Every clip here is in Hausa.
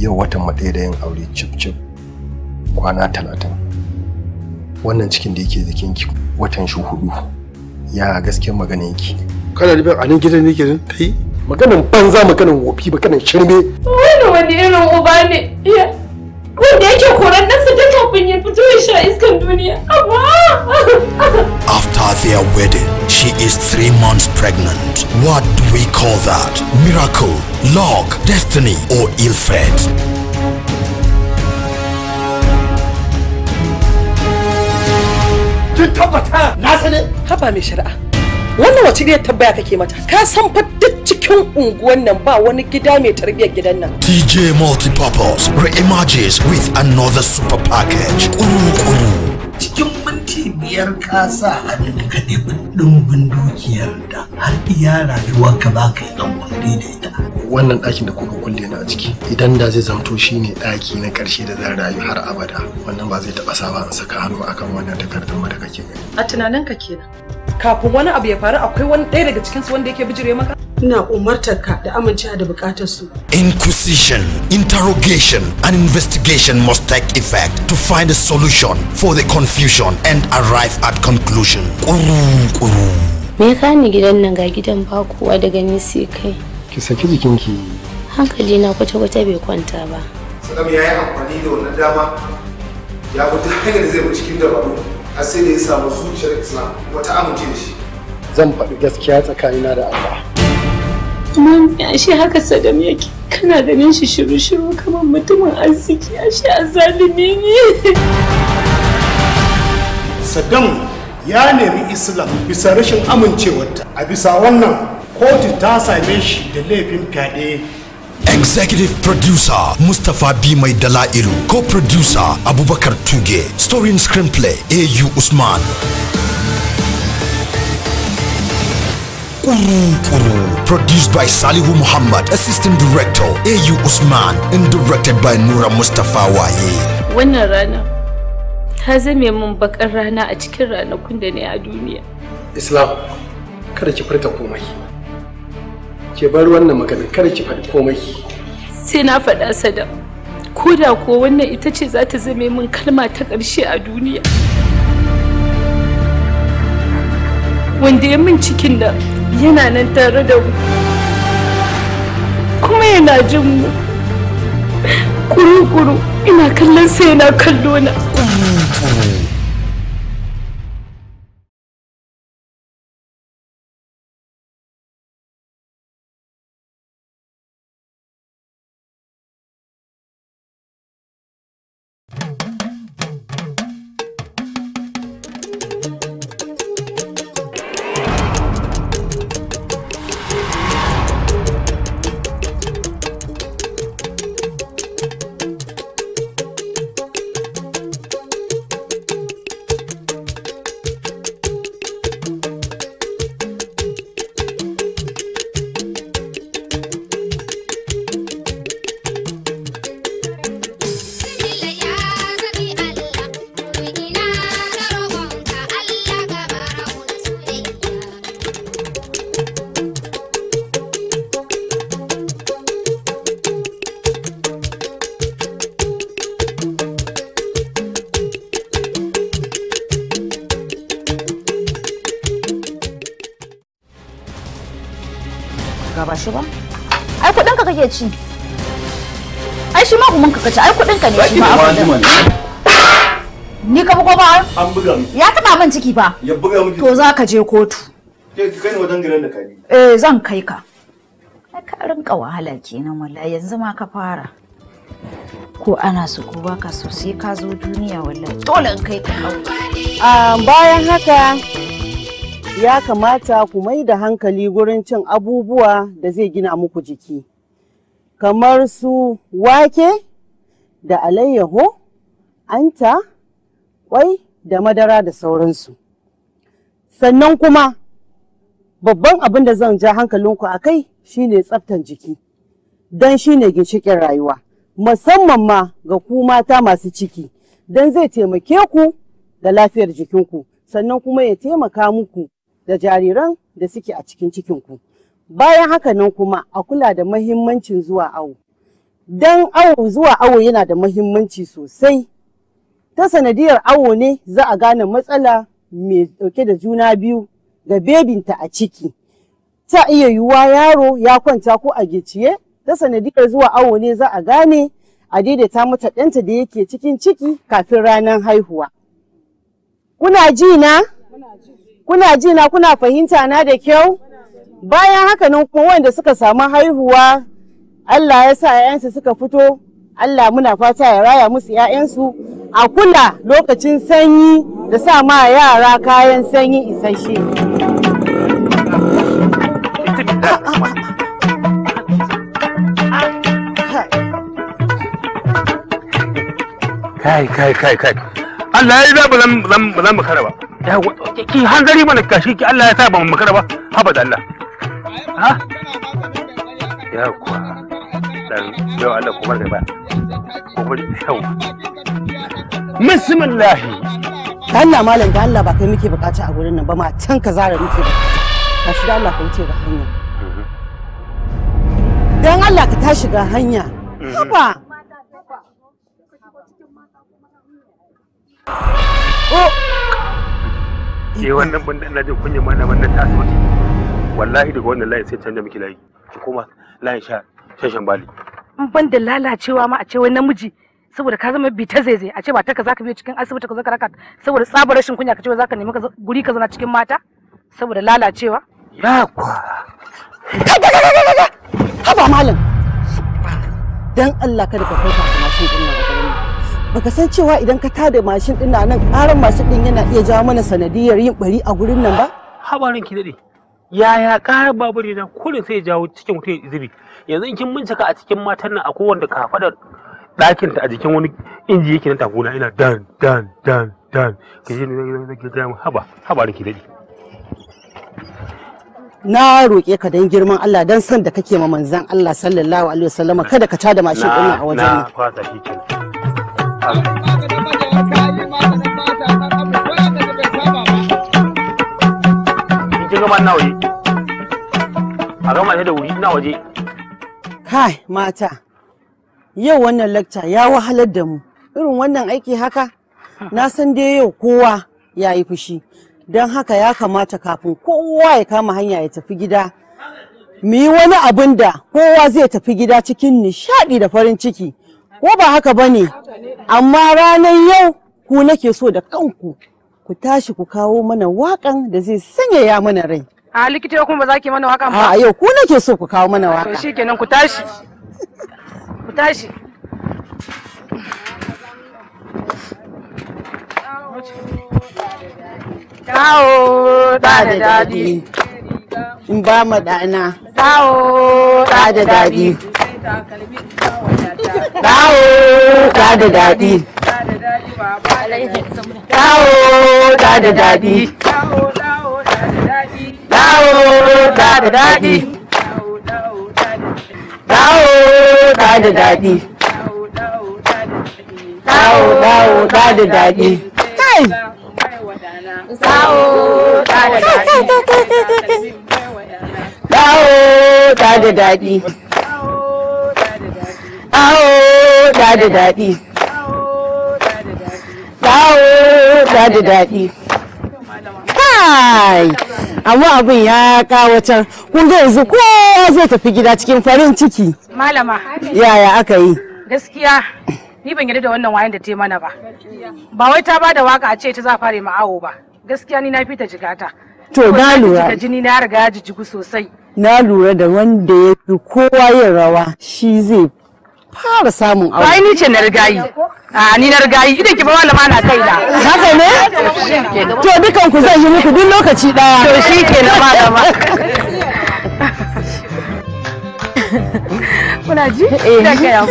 yau watan matsayi da yin aure cip cip kwana talatin wannan cikin da yake jikin ki watan shi hudu ya gaskiyar maganin ki kana da a nan gidan yake ta yi maganin banza maganin wofi maganin shirme wani wani irin uba ne iya wanda yake koran ɗansa ta kafin ya fito ya sha iskan duniya amma After their wedding, she is three months pregnant. What do we call that? Miracle, luck, destiny, or ill fate? Kin tabbata na sani? Haba mai shari'a. wannan wace ne tabbaya kake mata ka san fa duk cikin unguwan nan ba wani gida mai tarbiyyar gidan nan TJ Multipurpose re-emerges with another super package kuru cikin minti biyar ka sa hannu ka ɗiɓin ɗumbin dukiyar da har iya rayuwar ka ba ka yi ɗan kulle da ita wannan ɗakin da kuka kulle na a ciki idan da zai zamto ne ɗaki na ƙarshe da zan rayu har abada wannan ba zai taɓa saba in saka hannu akan wannan takardar da kake gani a tunaninka kenan kafin wani abu ya faru akwai wani ɗaya daga cikinsu wanda yake bijire maka ina umartar ka da amincewa da bukatar su inquisition interrogation and investigation must take effect to find a solution for the confusion and arrive at conclusion kuru me ka ni gidan nan ga gidan ba kowa daga gani sai kai ki saki jikinki hankali na kwata-kwata bai kwanta ba sadam ya yi amfani da wannan dama ya bi hanyar zai bi cikin dabaru har sai da ya samu zuciyar islam wata amince shi zan faɗi gaskiya tsakanina da allah ya shi haka sadam yake kana ganin shi shiru-shiru kamar mutumin arziki a azalimi ne Saddam ya nemi Islam bisa rashin amincewarta a bisa wannan kotu ta same shi da laifin fyaɗe Executive Producer Mustapha B. Maidalairu. Co-producer Abubakar Tuge. Story and Screenplay A.U. Usman. Kuru. Produced by Salihu Muhammad, Assistant Director, A.U. Usman, and directed by Nura Mustafa Waye. Wannan rana ta zame min bakar rana a cikin ranakun da ne a duniya. Islam, kada ki furta komai. Ke bar wannan maganin kada ki faɗi komai. sai na faɗa sada ko da ko wannan ita ce za ta zame min kalma ta ƙarshe a duniya wanda ya min cikin da yana nan tare da mu kuma yana jin mu kuru-kuru ina kallon sai yana kallo na ɗinka ne shi da ni ka buga ba an buga mu ya taba min ciki ba ya buga mu to za ka je kotu kai kai ne wajen gidan da kai eh zan kai ka ka rinka wahala kenan wallahi yanzu ma ka fara ko ana su ko baka so sai ka zo duniya wallahi dole in kai ka bayan haka ya kamata ku mai da hankali gurin cin abubuwa da zai gina muku jiki kamar su wake da alayyaho anta kwai da madara da sauransu sannan kuma babban abin da zan ja hankalinku a kai shine tsaftan jiki don shine ginshikin rayuwa musamman ma ga ku mata masu ciki don zai taimake ku da lafiyar jikinku sannan kuma ya taimaka muku da jariran da suke a cikin cikinku bayan haka nan kuma a kula da mahimmancin zuwa awo don awo zuwa awo yana da mahimmanci sosai ta sanadiyar awo ne za a gane matsala mai dauke da juna biyu ga bebinta a ciki ta iya yiwuwa yaro ya kwanta ko a gicciye ta sanadiyar zuwa awo ne za a gane a daidaita mata ɗanta da yake cikin ciki kafin ranar haihuwa kuna ji na kuna ji na kuna fahimta na da kyau bayan haka nan kuma wanda suka samu haihuwa Allah ya sa 'ya'yansu suka fito Allah muna fata ya raya musu 'ya'yansu a kula lokacin sanyi da sa ma yara kayan sanyi isasshe. kai kai kai kai Allah ya yi zaɓi zan makara ba ki hangari mana kashi ki Allah ya sa ba makara ba haba da Allah ha ya kuwa dan yau Allah ku da ba ku bari yau bismillah Allah malam da Allah ba kai muke bukata a gurin nan ba ma can ka zara muke bukata ka shiga Allah ka wuce ga hanya mhm. dan Allah ka tashi ga hanya mhm. haba Oh! Ke eh, wannan bandan na jin kunya mana wannan tasiri. Wallahi daga wannan layi sai canja miki layi. Ki koma layin sha shashin bali in ban da lalacewa ma a ce wai namiji saboda ka zama bita zai a ce ba taka zaka biyo cikin asibiti ka zo ka raka saboda tsabar rashin kunya ka ce zaka nemi guri ka zauna cikin mata saboda lalacewa ya kwa haba malam dan Allah kada ka kauta da mashin din nan baka san cewa idan ka tada mashin din nan karan mashin din yana iya jawo mana sanadiyar yin bari a gurin nan ba habarin ki dade yaya karar babur idan kullum sai ya jawo cikin mutum ya zubi yanzu in kin bincika a cikin matan nan akwai wanda kafadar ɗakin ta a jikin wani inji yake na takuna ina dan dan dan dan ke yi ne ke ga mu haba haba rike dadi na roƙe ka dan girman Allah dan san da kake ma manzan Allah sallallahu alaihi wasallama kada ka tada mashin ɗin a wajen na fata kike Kin ga man nawaje? A gama da wuri na waje. Hai mata, yau wannan lakta ya wahalar da mu, irin wannan aiki haka, na san dai yau kowa ya yi fushi, don haka ya kamata kafin kowa ya kama hanya ya tafi gida. Mu yi wani abin da kowa zai tafi gida cikin nishadi da farin ciki, ko ba haka ba ne, amma ranar yau ku nake so da kanku, ku tashi ku kawo mana waƙan da zai sanyaya mana rai. a likita kuma ba za ki mana waka ba a yau ku nake so ku kawo mana waka to shikenan ku tashi ku tashi Dawo da da dadi in ba ma dana dawo da dadi. Dawo da dadi dawo da da dadi dawo da da dadi dawo da da dadi dawo ta da daɗi dawo ta da daɗi dawo dawo ta da daɗi dawo ta da daɗi dawo ta da daɗi dawo ta da daɗi dawo ta da daɗi kai amma abin ya can kun ga yanzu kowa zai tafi gida cikin farin ciki malama yaya aka yi gaskiya ni ban yarda da wannan wayan da ta mana ba ba wai ta bada waka a ce ta za fare awo ba gaskiya ni na ta jigata to na lura jini na riga ya jijjigu sosai na lura da wanda ya fi kowa yin rawa shi zai fara samun aure. Ai ni ce na rigayi. A ni na rigayi idan ki ba malama na kai da. Haka ne? To dukan ku zan yi muku duk lokaci daya. To shi ke na malama. Kuna ji? Da ga ya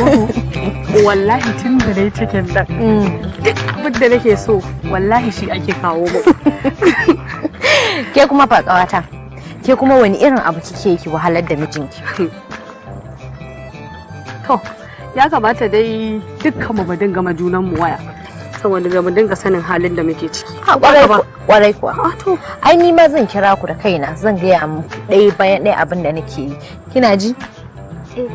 Wallahi tun da dai cikin da. Mm. Duk abin da nake so wallahi shi ake kawo mu. Ke kuma fa Ke kuma wani irin abu kike ki wahalar da mijinki? To, ya kamata dai dukkan mu mu dinga ma mu waya saboda da mu dinga sanin halin da muke ciki kwarai kuwa ah, ai ni ma zan kira ku da kaina zan gaya muku ɗaya bayan ɗaya abin da nake yi kina ji eh.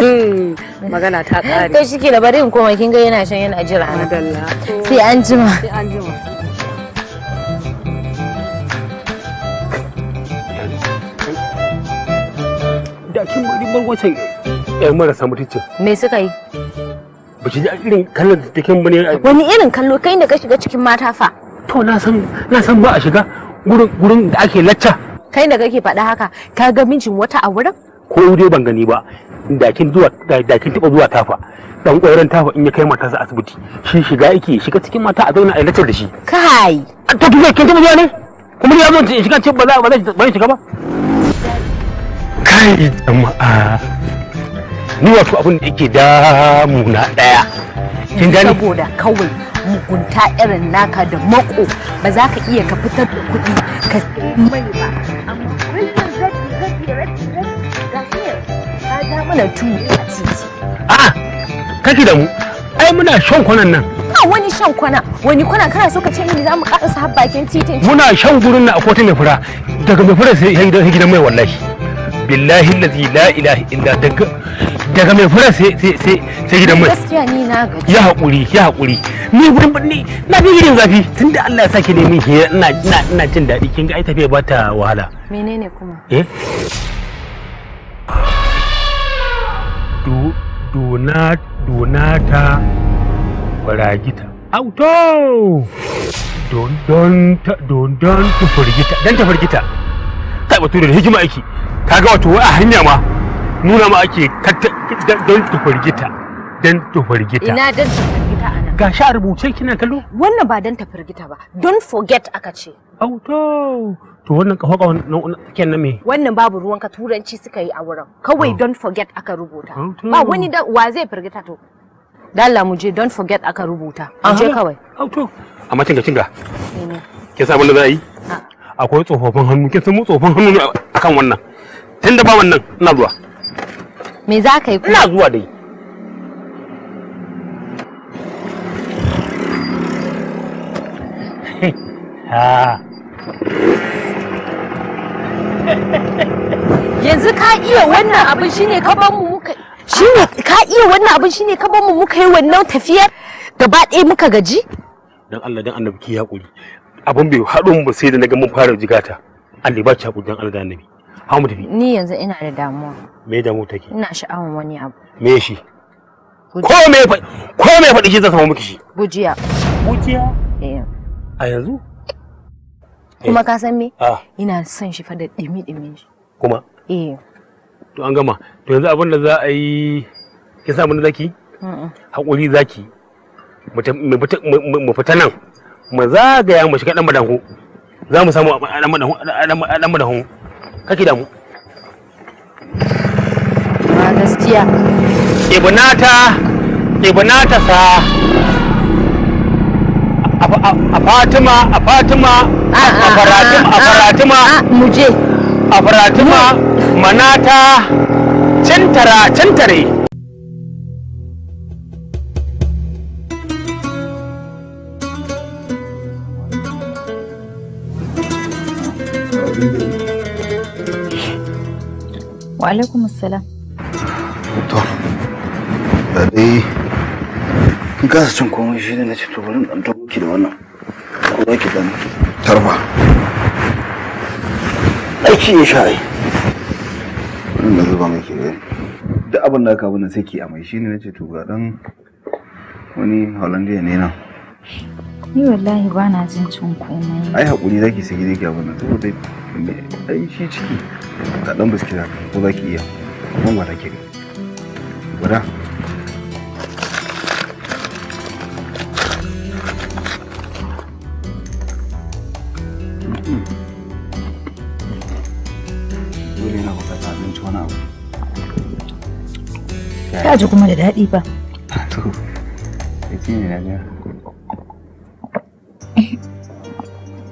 hmm, magana ta ƙare kai shike da bari in koma kin ga yana shan yana jira na sai an jima sai an jima da kin bari bar 'yan marasa mutuncin. Me suka yi? Ba ki ji irin kallon da take mu ne. Wani irin kallo kai ne ka shiga cikin mata fa. To na san na san ba a shiga gurin da ake lacca. Kai da kake faɗa haka ka ga mijin wata a wurin? Ko dai ban gani ba. Da kin zuwa da kin taba zuwa tafa. Dan koyaran tafa in ya kai matarsa asibiti. Shi shiga yake shiga cikin mata a zauna a laccar da shi. Kai. Ta tuba kin taba zuwa ne? Kuma ya zo shiga cikin ba za ba zai shiga ba. Kai jama'a. ni wato abin da yake damuna daya kin gani saboda kawai mugunta irin naka da mako ba za ka iya ka fitar da kuɗi ka mai ba mana tuwo a titi a kake da mu ai muna shan kwanan nan ba wani shan kwana wani kwana kana so ka ce mini za mu karasa har bakin titin muna shan gurin na a kotun mai fura daga mai fura sai gidan mai wallahi billahi lazi la ilaha illa daga daga mai fura sai sai sai gidan mai gaskiya ni na gaji ya hakuri ya hakuri ni gurin ni na fi gidan zafi tunda Allah ya saki ne min hira ina ina ina jin daɗi kin ga ai tafiya ba ta wahala menene kuma eh do na ta baragita auto don don don don ta don ta firgita wallahi bature da hikima yake kaga wato a hanya ma nuna ma ake don ta furgita don ta furgita ina don ta firgita anan ga sha rubuce kina kallo wannan ba don ta firgita ba don forget aka ce auto to wannan kafa kafa ken na me wannan babu ruwan ka turanci suka yi a wurin kawai oh. don forget aka rubuta ba wani da wa zai firgita to dalla mu je don forget aka rubuta mu je kawai auto amma tinga tinga ke sabon da za yi yi ah. akwai tsofaffin hannu kin san mu tsofaffin hannu akan wannan tunda ba wannan ina zuwa me za ka yi ku ina zuwa dai ha yanzu ka iya wannan abin shine ka ban mu muka shine ka iya wannan abin shine ka ban mu muka yi wannan tafiyar gaba ɗaya muka gaji dan Allah dan annabi ki hakuri abin bai haɗu ba sai da na ga mun fara jigata Allah ba ci haƙuri dan Allah da annabi hamu tafi ni yanzu ina da damuwa me damuwa take ina sha'awan wani abu me shi ko me ko me faɗi shi zan samu miki shi gujiya gujiya eh a yanzu kuma ka san me ina son shi fa da dimi dimi shi kuma eh to an gama to yanzu abin da za a yi ki samu na zaki hakuri zaki mu fita nan mu zagaya mu shiga dan madahu za mu samu dan madahu dan madahu kake da mu ba gaskiya ibnata ibnata sa a fatima a fatima a faratima a faratima muje a faratima manata cintara cintare wa alaikum assalam to da dai in kasa cin komai shi ne na ce to bari dan tabo ki da wannan ko za ki dan tarba aiki ya sha Wannan na zuba mai ke da abin da aka abin nan sai ki amai shi ne na ce to ga dan wani hollandiya ne nan Ni wallahi ba na jin cin komai. Ai haƙuri za ki saki zai abin nan saboda ai shi ciki ka ɗan biski da ko za ki iya kuma gwada ki gwada. Ya ji kuma da daɗi ba. To, ya ce ne na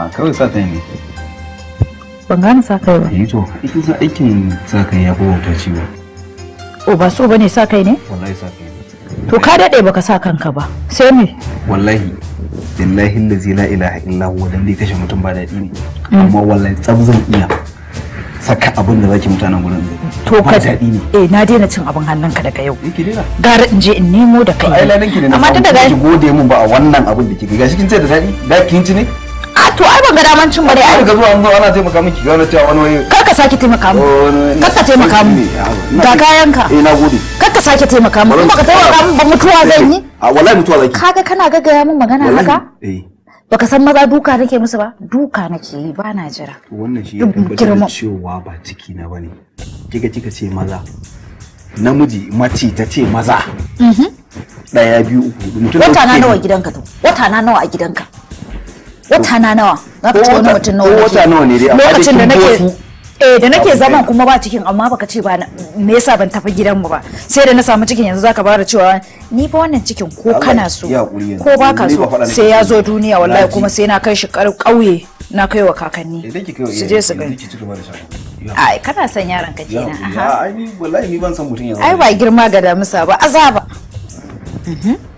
Ah, kawai sa kai ne ban gane sa kai ba yi eh to ita sa aikin sa kai ya kowa ta ciwo o oh, ba so bane sa kai ne wallahi sa kai to ka dade baka sa kanka ba sai me wallahi billahi allazi la ilaha illa huwa dan dai kashe mutum ba daɗi ne mm. amma wallahi tsab iya saka abin da zaki mutanen gurin to ka daɗi ne eh na daina cin abin hannunka daga yau eh, gara in je in nemo da kai amma ta daga ki gode mun ba a wannan abin da kike gashi kin ce da daɗi da kin ci ne to ai ban ga daman cin bare ai ga zuwa an zo ana taimaka miki ga cewa wani wani kar ka sake taimaka mu oh, karka ka taimaka mu ga kayanka eh na gode kar sake taimaka mu ba ka taimaka mu ba mutuwa eh, zan yi a wallahi mutuwa zan yi kaga kana gaggaya min magana haka eh baka san maza duka nake musu ba duka nake yi ba na jira wannan shi ya tabbatar da cewa ba ciki na bane kika kika ce maza namiji mace ta ce maza daya mm-hmm. biyu uku wata na nawa gidanka to wata na nawa a gidanka wata na nawa za ka ce wani mutum nawa wata nawa ne dai lokacin da nake eh da nake zaman kuma ba cikin amma baka ce ba me yasa ban tafi gidanmu ba sai da na samu cikin yanzu zaka bara cewa ni fa wannan cikin ko kana so ko baka so sai ya zo duniya wallahi kuma sai na kai shi ƙauye na kai wa kakanni eh, su je su gani ai kana son yaron ka kenan ai wallahi ni ban san mutun yanzu ai ba girma ga damusa ba azaba mhm. Mhm.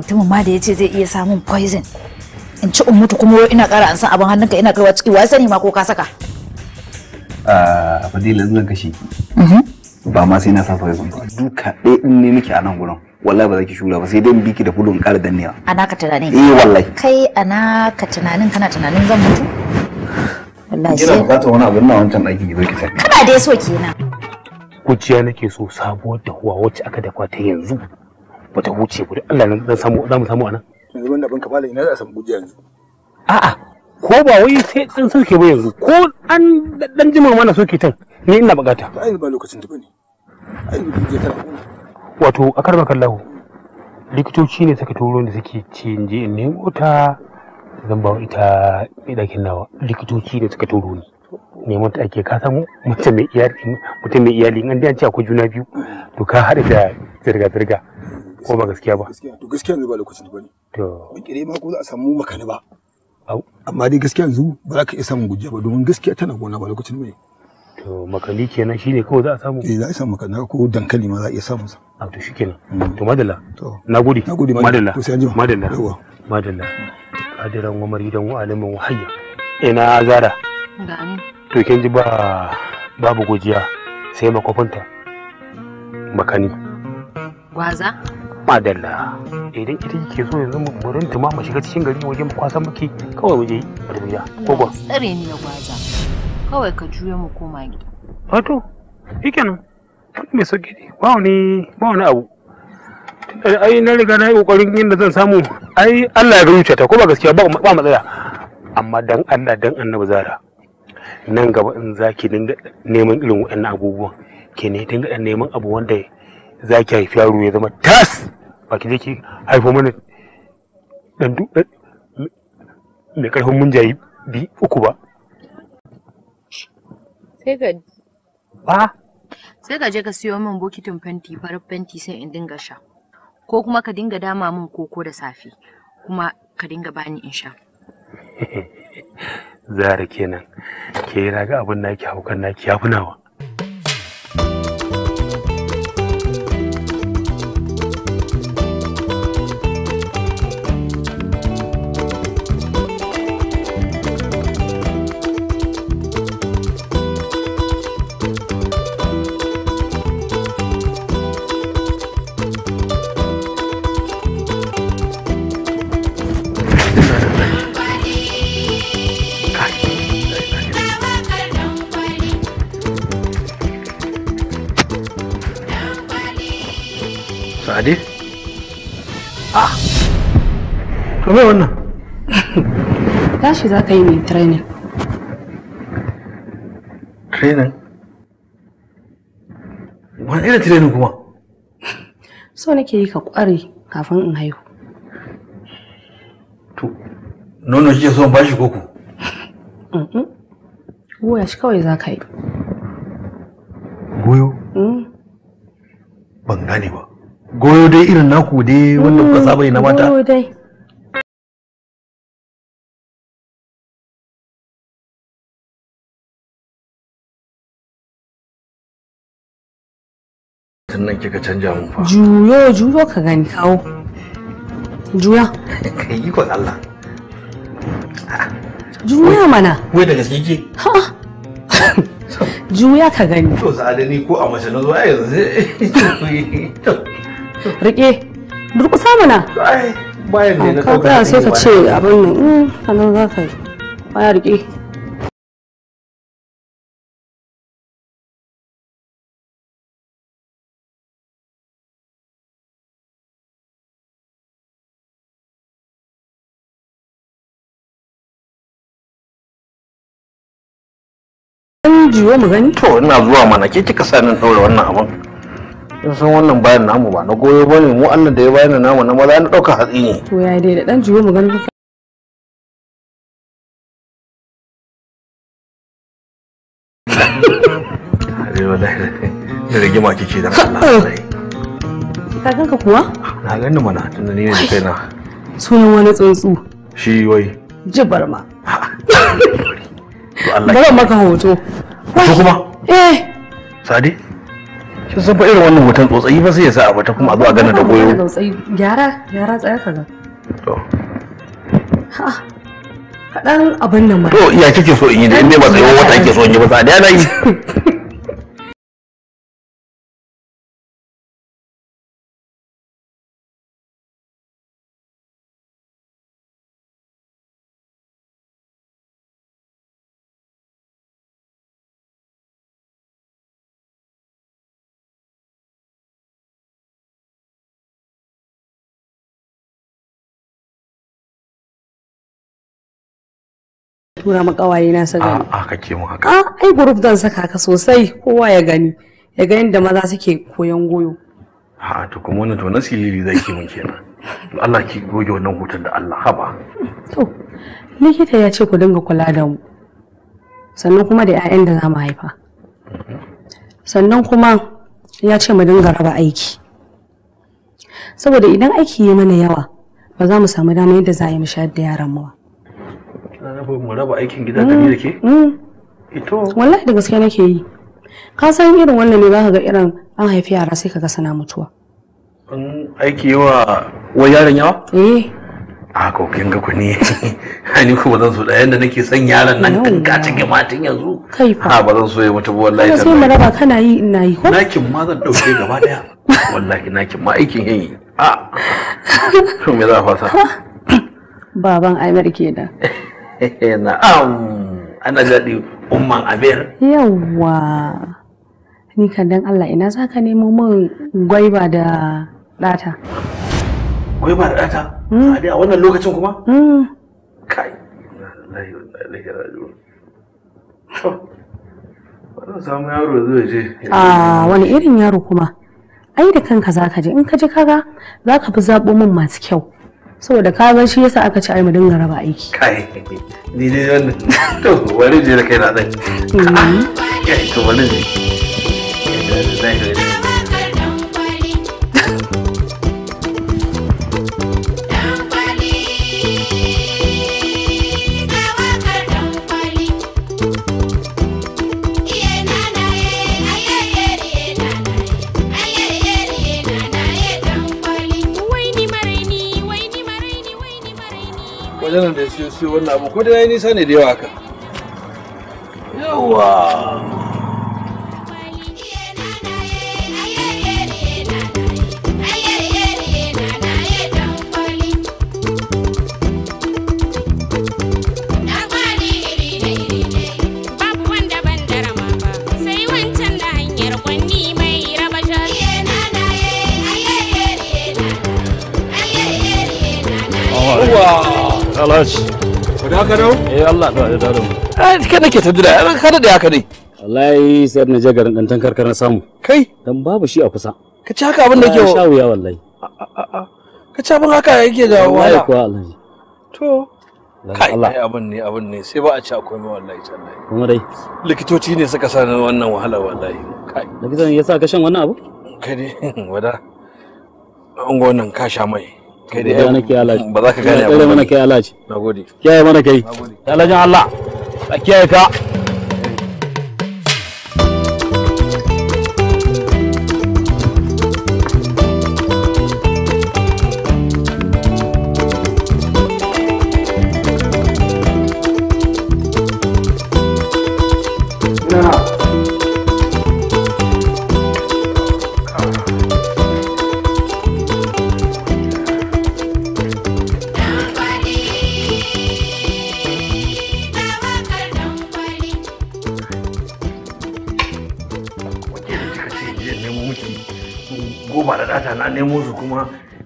mutumin ma da ya ce zai iya samun poison in ci in mutu kuma ina ƙara an san abin hannunka ina kaiwa ciki wa sani ma ko ka saka a ah, fadila zan kashe ki mhm. ba ma sai na sa poison ba duka ɗaya in ne miki a nan gurin wallahi ba za ki shura ba sai dai biki da fulun ƙara dannewa ana ka tunanin eh wallahi kai ana ka tunanin kana tunanin zan mutu wallahi sai ka bukatar wani abin na wancan ɗaki ki zo ki kana da so kenan kuciya nake so sabuwar dahuwa wacce aka dafa ta yanzu bata huce ba Allah ne zan samu zamu samu anan yanzu banda abin kafala ina za a samu gujiya yanzu a'a ko ba wai sai an soke ba yanzu ko an dan jima mana soke tan ni ina bukata ai ba lokacin da bane ai gujiya tana wato akar karban kallahu likitoci ne suka turo da suke cinje in ne in zan ba ita mai dakin nawa likitoci ne suka turo ni neman ta ake ka samu mutum mai iyali mutum mai iyali in an ce akwai juna biyu to ka hada da zirga-zirga ko ba gaskiya ba to gaskiya yanzu ba lokacin bane ne to kire ma ko za a samu makani ba amma dai gaskiya yanzu ba za ka iya samun gujiya ba domin gaskiya tana gona ba lokacin bane to makani kenan shine kawai za a samu eh za a samu makani ko dankali ma za a iya samun sa a to shikenan mm. to madalla to nagode nagode madalla to sai anjima madalla yawa madalla adiran wa idan wa alimin wa hayya ina zara to kin ji ba babu gujiya sai makofinta makani gwaza madalla idan ita ke so yanzu mu rintuma mu shiga cikin gari waje mu kwasa muke kawai waje yi a tafiya ko ba tsare ni ya gwaza kawai ka juya mu koma gida wato yake nan wani mai sauki ne ba wani ba wani abu ai na riga na yi kokarin inda zan samu ai Allah ya rubuta ta ko ba gaskiya ba ba matsala amma dan Allah dan Annabi zara nan gaba in zaki dinga neman irin waɗannan abubuwan ke ne dinga neman abu wanda za ki haifi yaro ya zama tas ba ki je ki haifo mana dan duk mai karfin munjayi bi uku ba sai ka ba sai ka je ka siyo min bokitin fenti farar fenti sai in dinga sha ko kuma ka dinga dama min koko da safe kuma ka dinga bani in sha zara kenan ke raga abin naki haukan naki ya za ka yi mai training training wani irin training kuma so nake yi ka kware kafin in haihu to nono kike son bashi koko goya shi kawai za ka yi goyo mm. ban gane ba goyo dai irin naku dai wanda kuka saba yi na mata goyo dai karatun nan kika canja mun fa juyo juyo ka gani kawo juya kai ikon Allah juya mana wai da gaske ke juya ka gani to sa'adani ko a mace na zo ai yanzu rike durkusa mana ai bayan ne na ka so ka ce abin nan in mm, za ka yi baya rike dan jiwo mu gani to ina zuwa mana ke kika sa nan daura wannan abun in san wannan bayan namu ba na goyo ba ne mu Allah da ya bayan namu na maza na dauka hatsi ne to ya dai da dan jiwo mu gani da rigima kike da Allah ka ganka kuwa na gani mana tunda ni ne da kaina sunan wani tsuntsu shi wai jibar ma bari maka hoto Ita kuma? Eh. Sadi? Kin san fa irin wannan hoton tsotsayi ba sai ya sa a kuma a zo a gana da goyo. Tsotsayi gyara gyara tsaya ka ga. To. Ha. abin nan ma. To kike so in yi da in ne ba tsayuwar wata kike so in yi ba sadi ana yi. tura ma kawaye na su gani a kake mu haka a ah, ai group dan saka ka sosai kowa ya gani ya ga yadda maza suke koyon goyo ha to kuma wannan to na silili zai ki mun kenan Allah ki goge wannan hutun da Allah haba to likita ya ce ku dinga kula da mu sannan kuma da 'ya'yan da za mu haifa sannan kuma ya ce mu dinga raba aiki saboda idan aiki ya mana yawa ba za mu samu dama yadda za a yi mu shayar da yaran mu ba na nufin mu raba aikin gida da mm, ni da ke mm. ito wallahi da gaske nake yi ka san irin wannan ne zaka ga irin an haifi yara sai kaga sana mutuwa an aiki yawa wa yaron yawa eh a ah, kokin ga ku ne ni kuma zan so da da nake son yaron nan tun ka ta gima yanzu kai fa ah, ba zan so ya mutu wallahi sai mu raba kana yi ina yi nakin ma zan dauke gaba daya wallahi nakin ma aikin yayi a ah. to me za a fasa baban Aimar kenan na'am ana daɗi umman abir yawwa ni kan Allah ina za ka nemo min gwaiba da ɗata gwaiba da ɗata hmm. a dai a wannan lokacin kuma hmm. kai samu yaro zai je a wani irin yaro kuma ai da kanka za ka je in ka je kaga za ka fi zaɓo min masu kyau saboda ka ga shi yasa aka ci ai mu dinga raba aiki kai ni ne wannan to wani je da mm. kai na zai to wani je da zai wajen da siyo siyo wannan abu ko da yayi nisa ne da yawa haka yawa alhaji ku da ka dau eh Allah da da da ai kai nake ta dira ran eh, kada da haka ne wallahi sai na je garin dantan karkar samu kai dan babu shi a kusa ka ci haka abin da yake sha wuya wallahi ka ci abin haka yake da wahala ko alhaji to kai abin ne abin ne sai ba a ci akwai mai wallahi tallahi kuma dai likitoci ne suka sa wannan wahala wallahi kai likitan yasa ka shan wannan abu kai ne wada an gonan ka sha mai kai da alaji ba za ka gane ba mana kai alaji kiyaye mana kai alajin Allah a kiyaye ka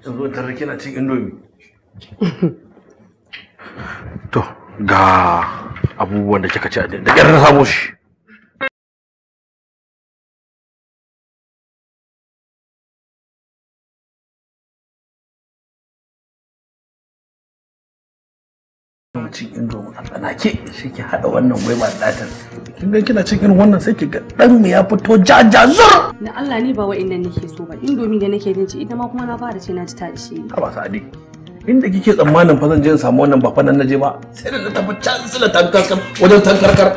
in zo tare kina cin indomi to ga abubuwan da kika ci da ƙyar na samo shi mu cin indomi a tsanake shi ke haɗa wannan gwaiba da latin kin ga kina cin irin wannan sai ki ga dan mu ya fito jajazur na Allah ni ba wa'annan nake so ba indomi da nake jin ci ita ma kuma na fara ce na ji ta ishe a ba sa'adi inda kike tsammanin fa zan je in samu wannan ba fa nan naje ba sai da na tafi can sila tankarkar wajen tankarkar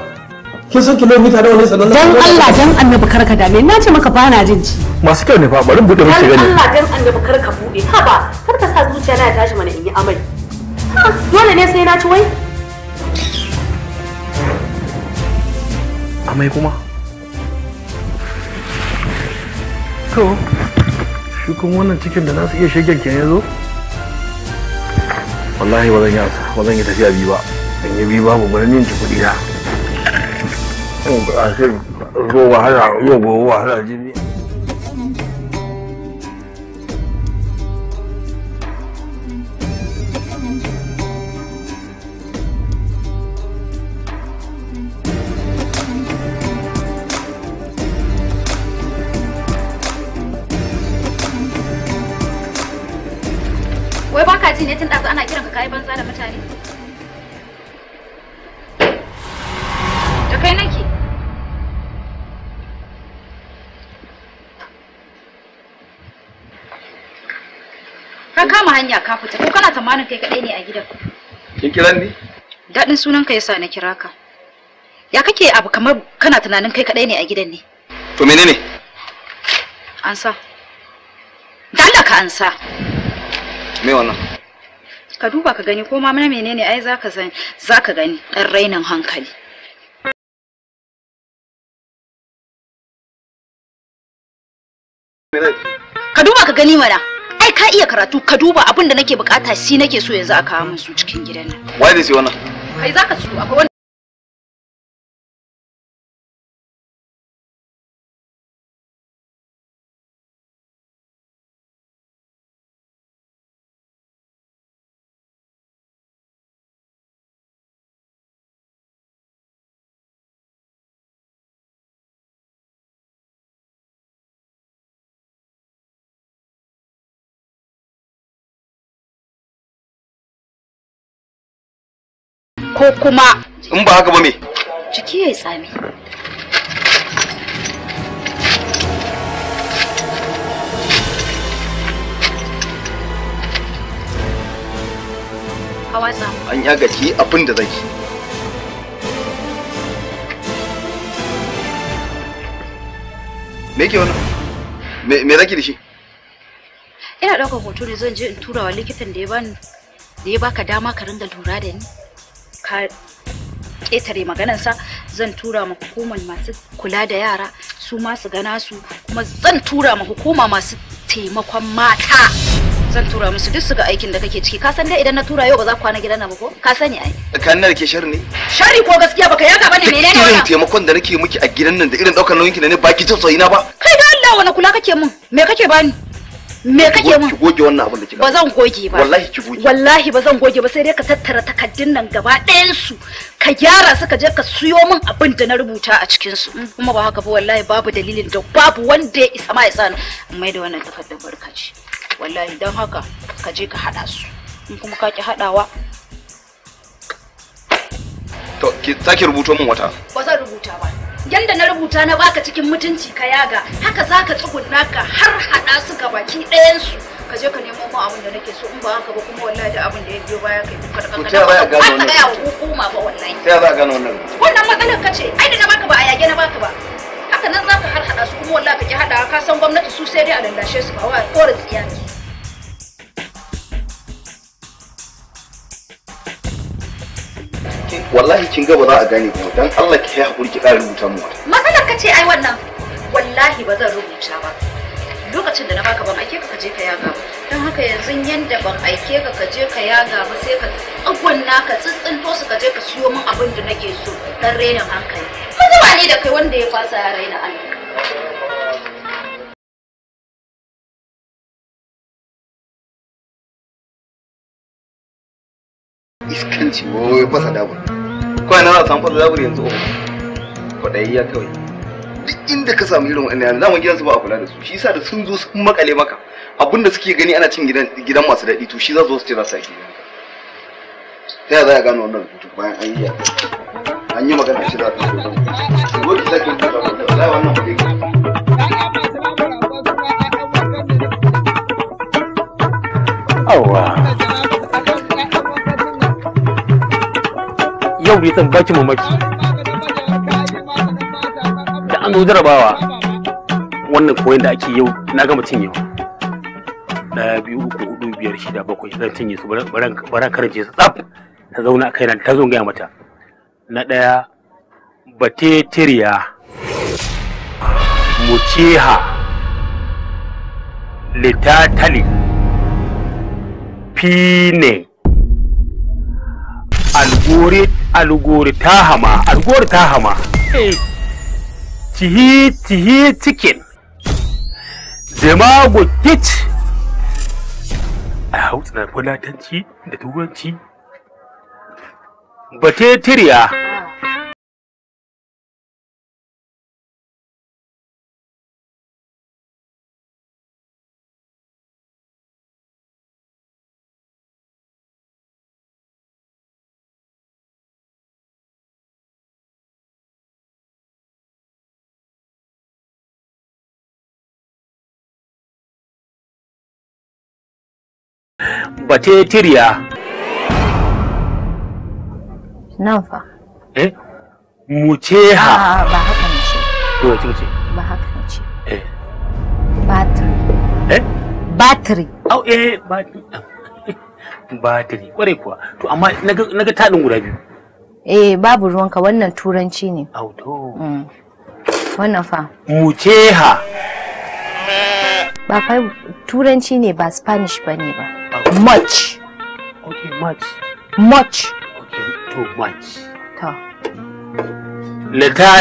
kin san kilomita nawa ne sanan dan Allah dan annabi karka dame na ce maka bana jin ci masu kyau ne fa bari bude miki gani dan Allah dan annabi karka bude haba karka sa zuciya na ya tashi mana in yi amai Dole ne sai na ci wai? Amai kuma? To, shi kuma wannan cikin da nasu iya shagen ke zo? Wallahi ba zan yi asa, ba yi tafiya biyu ba. Ban yi biyu babu bari yin ci kuɗi na. ba a sai rowa hana, yau ba wahala jini. hanya ka fita ko kana tsammanin kai kadai ne a gidan kin kiran ni dadin sunan ka yasa na kira ka ya kake abu kamar kana tunanin kai kadai ne a gidan ne to menene an sa da Allah ka an sa me wannan ka duba ka gani ko ma mana menene ai zaka zaka gani dan rainin hankali ka duba ka gani mana ai ka iya karatu ka duba abin da nake bukata shi nake so yanzu a kawo su cikin gidan nan wai da sai wannan kai zaka su akwai ko kuma in ba haka ba me jiki yayi tsami an ya gaci abin da zai me ke wannan me zaki da shi ina ɗaukar hoto ne zan je in tura wa likitan da ya bani da ya baka dama ka ringa lura da ni ƙetare maganarsa zan tura ma hukumar masu kula da yara su masu gana su kuma zan tura ma hukuma masu taimakon mata zan tura musu duk su ga aikin da kake ciki kasan dai idan na tura yau ba za ku kwana gidan na ba ko ka sani ai kan ke sharri ne sharri ko gaskiya baka yaga bane menene wannan irin taimakon da nake miki a gidan nan da irin daukar nauyin ki ne baki tausayi na ba kai da Allah wani kula kake mun me kake bani me kake mun ki goge wannan abin da kika ba zan goge ba wallahi ki goge wallahi ba zan goge ba sai dai ka tattara takaddun nan gaba ɗayan su ka gyara su ka je ka siyo min abin da na rubuta a cikin su mm. kuma ba haka ba wallahi babu dalilin da babu wanda ya isa ma ya sani mai da wannan takardar ce wallahi dan haka ka je ka hada su in kuma ka ki hadawa to ki sake rubuto min wata ba zan rubuta ba yanda na rubuta na baka cikin mutunci ka yaga haka zaka tsugunna ka har hada su ga baki ɗayan su ka je ka nemo mu abin da nake so in ba haka ba kuma wallahi da abin da ya biyo baya kai dukkan kan ta baya gano wannan ta hukuma ba wallahi ta baya gano wannan wannan matsalar kace ai da na baka ba a yage na baka ba haka nan zaka har hada su kuma wallahi ka ki hada ka san gwamnati su sai dai a lallashe su ba wa korin tsiyani wallahi kin ga ba za a gane ba dan Allah ki haƙuri ki ƙara rubuta mu matsalar ka ce ai wannan wallahi ba zan rubuta ba lokacin da na baka ban aike ka kaje ka yaga dan haka yanzu yanda ban aike ka kaje ka yaga ba sai ka agwan naka to su kaje ka siyo min abin da nake so dan renin hankali mazawa ne da kai wanda ya fasa ya raina Allah iskanci wai fasa dabur kawai na za samu fasa dabur yanzu uku oh, kwaɗayi ya kawai duk inda ka samu irin waɗannan yanzu zaman gidansu ba a kula da su shi yasa da sun zo sun makale maka abinda suke gani ana cin gidan masu daɗi to shi za su ce za su yi ta yaya za a gano wannan rubutu bayan an yi an yi magana shi za ta so zan gobe za ki ta rubuta da wannan kuɗi Oh wow. yau ne zan baki mamaki da an zo jarabawa wannan koyon da ake yau na gama cinyewa ɗaya biyu uku hudu biyar shida bakwai zan cinye su baran karance su tsaf ta zauna a kaina ta zo gaya mata na ɗaya batetiriya muceha litatali fine algoritahama hama eh, tihi tihi chicken jamago kic a hausa na fulatanci da turanci batetiriya batetiriya. Nan fa. Eh? Muceha. A'a ah, ba haka na ce. To wace wace? Ba haka na ce. Eh. Battery. Eh? Battery. Au eh battery. Battery. kwarai kuwa. To amma naga naga tadin guda biyu. Eh babu ruwanka wannan turanci ne. Au to. Mm. Wannan fa. Muceha. Ba fa turanci ne ba Spanish ba ne ba. Much. Okay, much. Much. Okay, too much. Ta. Little.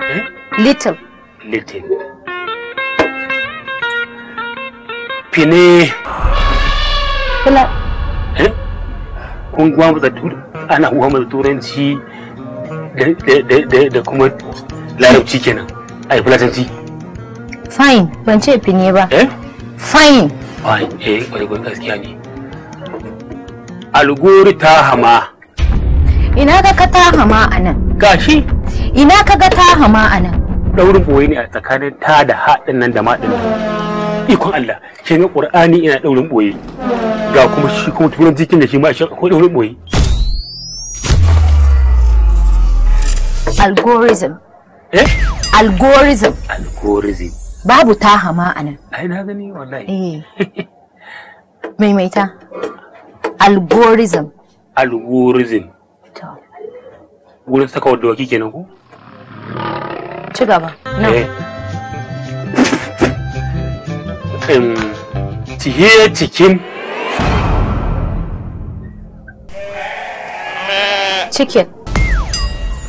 Eh? Little. Little. Eh? ana gwamza turanci da kuma larabci kenan. Ai, fulatanci. fine ban ce fine ba eh fine fine eh kwarai gaskiya ne alguri ta hama ina ka ka ta hama a nan gashi ina ka ga ta hama a nan daurin boye ne a tsakanin ta da haɗin nan da maɗin ikon Allah shi ne ƙur'ani ina daurin boye ga kuma shi kuma turan jikin da shi ma shi akwai daurin boye algorithm eh algorithm algorithm babu ta hama a nan ai na gani wallahi eh. maimaita algorithm algorithm to gurin saka wadda waki kenan ko ci gaba na eh. tiye cikin chicken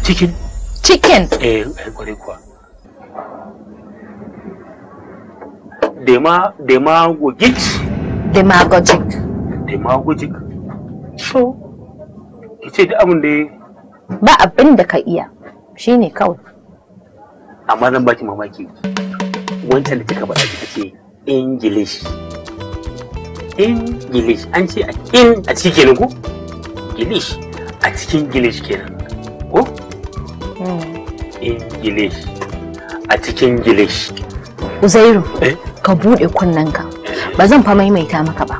chicken chicken eh, eh kware kuwa dema demagogic demagogic demagogic so ki ce duk abin da ba abin da ka iya shine kawai amma zan baki mamaki wancan da kika faɗa ki ce english english an ce a in a ciki kenan ko english a cikin english kenan ko hmm. english a cikin english Uzairu. Eh? ka buɗe kunnenka ba zan fa maimaita maka ba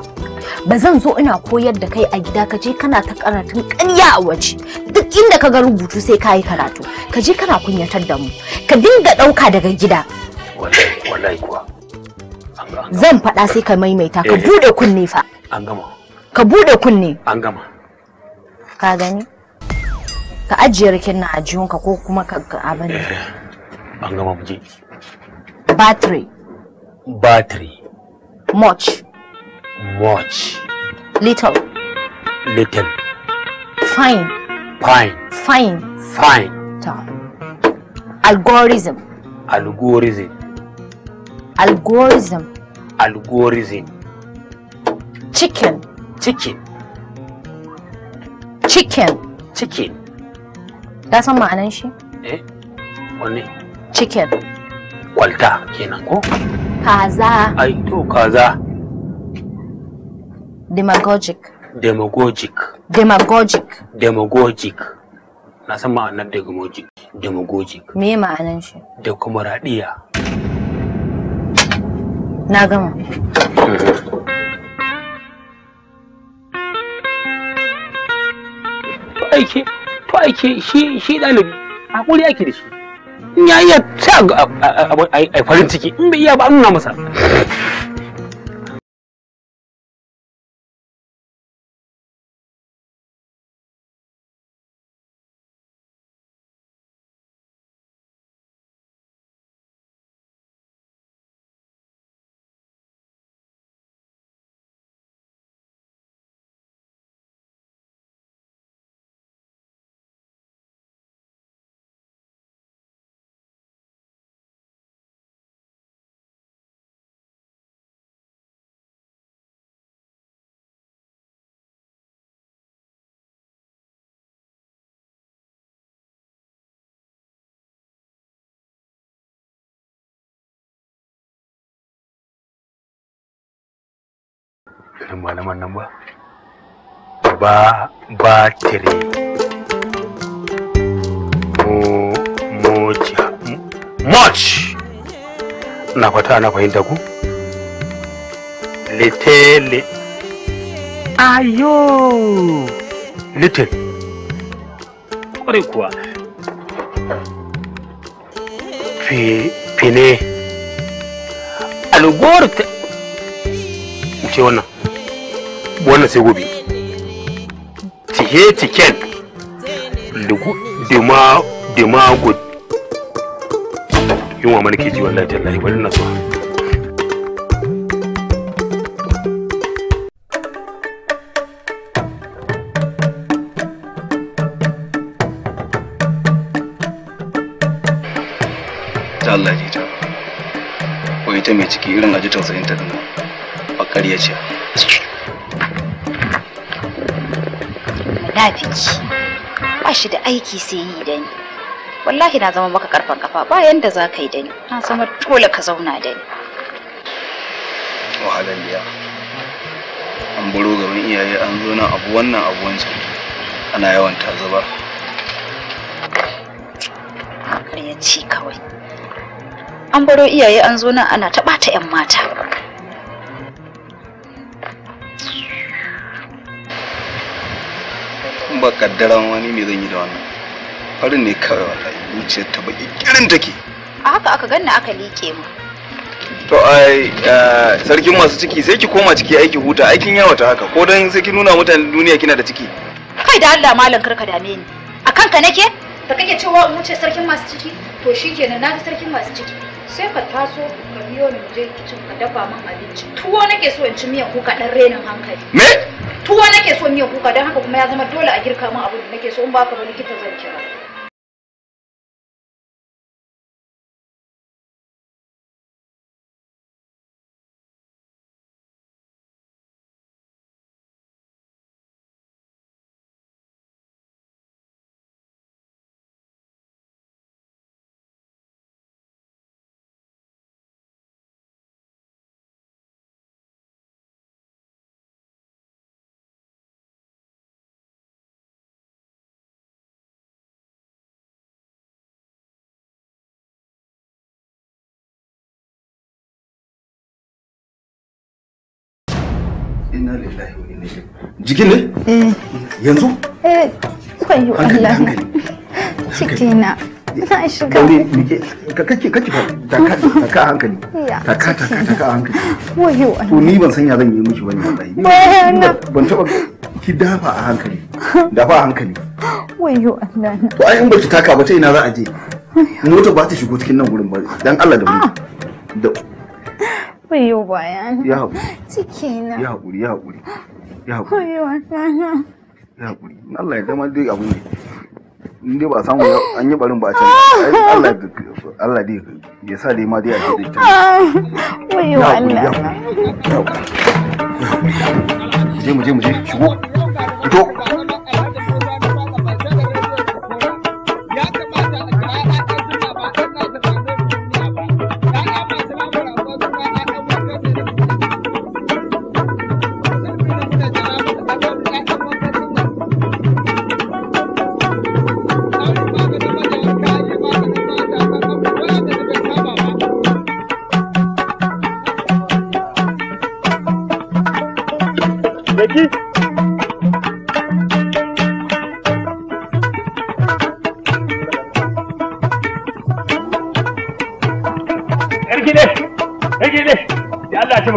ba zan zo ina koyar da kai a gida ka je kana ta karatun ƙarya a waje duk inda ka ga rubutu sai ka yi karatu ka je kana kunyatar da mu ka dinga ɗauka daga gida wallahi kuwa zan faɗa sai ka maimaita ka eh, eh. buɗe kunne fa an gama ka buɗe kunne an gama ka gani ka ajiye rikin na ajiyonka ko kuma ka abin eh, an gama muje battery Battery. Much. Much. Little. Little. Fine. Fine. Fine. Fine. Algorithm. Algorithm. Algorithm. Algorithm. Chicken. Chicken. Chicken. Chicken. Ka san ma'anan shi? Eh, Only. Chicken. Kwalta kenan ko? Kaza. Ai to kaza. Demagogic. Demagogic. Demagogic. Demagogic. Na san ma'anar demagogic. Demagogic. Me ma'anar shi? Da kuma radiya. Na gama. To aike, to aike shi shi dalibi hakuri ake da shi. in ya iya sai a farin ciki in bai iya ba an nuna masa irin malaman nan ba ba batire much na fata ana fahimta ku little ayo little kwarai kuwa fine alguwar ce wannan wannan sai gobe cihe ciken dima dima gud wa mana ke ji wallahi tallahi bari na so ta Allah ji ta ko ita mai ciki irin aji tausayin ta dana ce munafiki ba shi da aiki sai yi da ni wallahi na zama maka karfan kafa ba yanda za ka yi da ni na zama dole ka zauna da ni wahalar liya an buro gaban iyaye an zo nan abu wannan abu wancan ana yawan ta zuba. ya ci kawai an baro iyaye an zo nan ana ta ɓata 'yan mata ba kaddaran wani ne zan yi da wannan farin ne kawai wallahi zuciyar ta baki kirin take a haka aka ganna aka liƙe mu to ai sarkin masu ciki sai ki koma ciki aiki huta aikin yawa ta haka ko dan sai ki nuna mutanen duniya kina da ciki kai da Allah malam karka dame ni a ka nake da kake cewa mu ce sarkin masu ciki to shikenan na ga sarkin masu ciki sai ka taso ka biyo ni je kicin ka dafa min abinci tuwo nake so in ci miyan kuka dan renin hankali me tuwa nake so yi kuka don haka kuma ya zama dole a girka min abin da nake so in ba ka ba likita zan kira inna lillahi wa inna ilaihi jikin ne eh yanzu eh cikina shiga ka kake kake ka ka hankali ka ka hankali wayo to ni ban san ya zan yi miki ban taba ki dafa a hankali dafa a hankali wayo Allah to ai in baki taka ba ta ina za a je mota ba ta shigo cikin nan gurin ba dan Allah da mu Wayo bayan. Ya haƙuri. Cikina. Ya haƙuri, ya haƙuri. Ya haƙuri. Wayo wasana. Ya haƙuri. Allah ya zama dai abu ne. In dai ba samu an yi barin ba a can. Allah Allah dai ya sa dai ma dai a Ya haƙuri. Je mu je mu je shigo. Fito.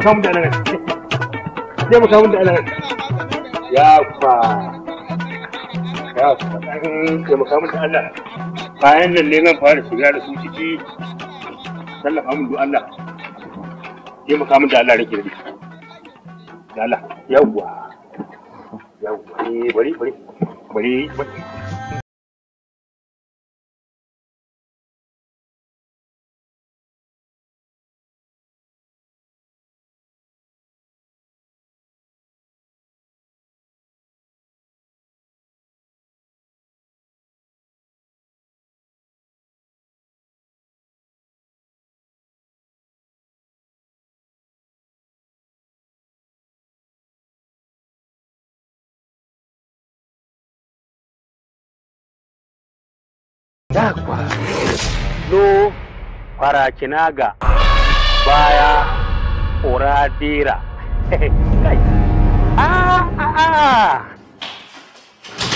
taimaka mun da alaran taimaka mun da alaran ya fa ya fa taimaka mun da Allah bayan nan ne zan fara shiga da su ciki tallafa mun da Allah taimaka mun da Allah rake da Allah yawwa yawwa eh, bari bari bari bari Yakwa. Lo farakinaga baya oradira. Ah, ah, ah.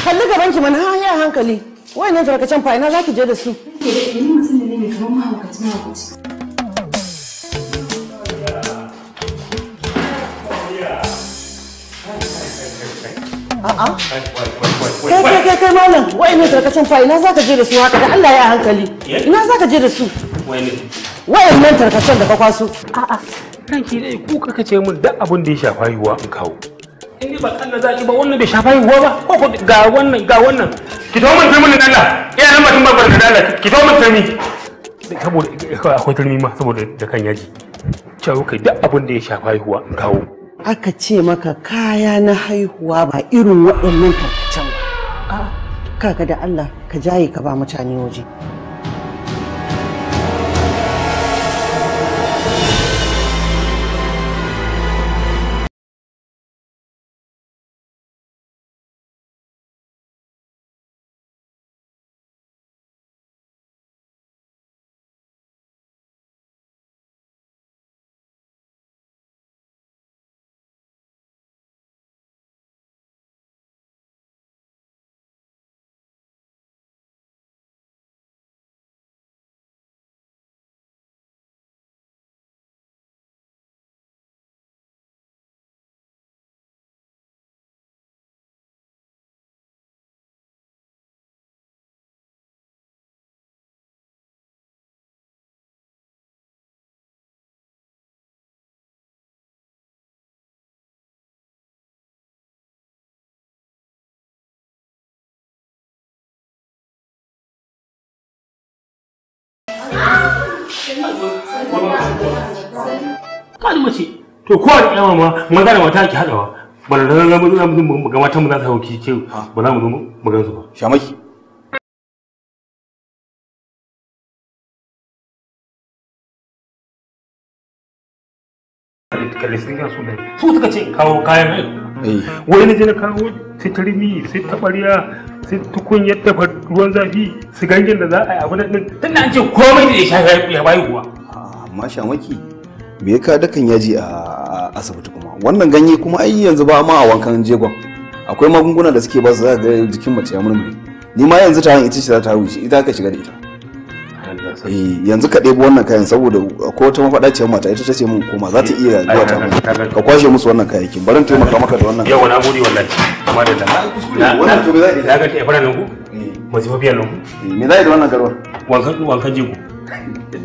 Kalli gaban ki mana haya hankali. Wayannan tarkacen fa ina zaki je da su. Ke da ni mutum ne ne kamar mahaukacin ku. A'a. Kai kai kai kai malam, wa'annan tarkacen fa ina zaka je da su haka da Allah ya hankali. Ina zaka je da su? Wa'annan tarkacen da ka kwaso. A'a. Ranki dai ku kaka ce min duk abin da ya shafa yiwuwa in kawo. In ni ba kalla zaki ba wannan bai shafa yiwuwa ba. Ko ga wannan ga wannan. Ki tawo min turmin nan Allah. Iya nan mutum barbar da Allah. Ki tawo min turmi. Saboda eh, akwai turmi ma saboda da kan yaji. Cewa kai duk abin da ya shafa yiwuwa in kawo. aka ce maka kaya na haihuwa ba irin waɗannan tarkacen ba. kaka da Allah ka jaye ka ba mutane waje. Kani mace. To ko da ƴan ma maza da mata ki haɗawa. Ba da zan zama zan mu ga matan mu za su hau ce ba za mu zo mu gansu ba. Shamaki. sun ga su da su suka ce kawo kayan aiki. Eh. Wani ne na kawo sai tarbi sai taɓarya sai tukun ya dafa ruwan zafi su gangin da za a yi abu nan tunda an ce komai da ya shafi ya bayi kuwa amma ah, shamaki me ya ka dakan yaji a asibiti kuma wannan ganye kuma ai yanzu ba ma a wankan jegon akwai magunguna da suke ba su za ga jikin mace ya murmure ni ma yanzu ta ita ce za ta wuce ita ka shiga da ita Eh, yanzu ka ɗebo wannan kayan saboda ko wata ce mata ita ta ce mun koma za ta eh, iya zuwa ta ka kwashe musu wannan kayayyakin barin taimaka maka da wannan yau na gode wallahi kuma da ta na na ga ta fara lungu eh. masu nan ku me za a yi da wannan garwar wankan wankan jigo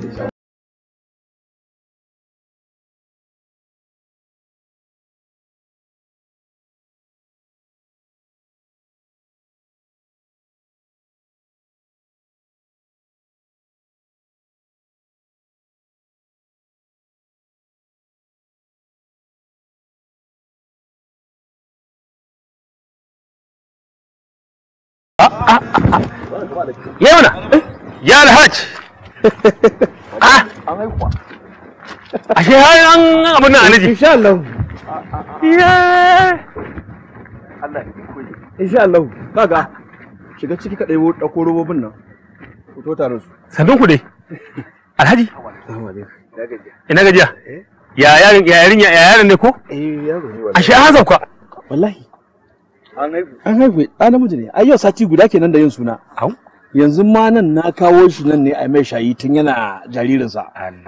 ya mana ya alhaj ah ashe har an abin nan alaji insha Allah ya Allah ya insha Allah kaga shiga ciki ka ɗaiwo ɗauko robobin nan Ku fito tare su sannan ku dai alhaji ina gajiya eh? ya yarin ya yarin ya yarin ne ko eh, ashe an zauka wallahi an haihu an haihu ɗan namiji ne ai yau sati guda kenan da yin suna au yanzu ma nan na kawo shi nan ne a mai shayi tun yana jaririnsa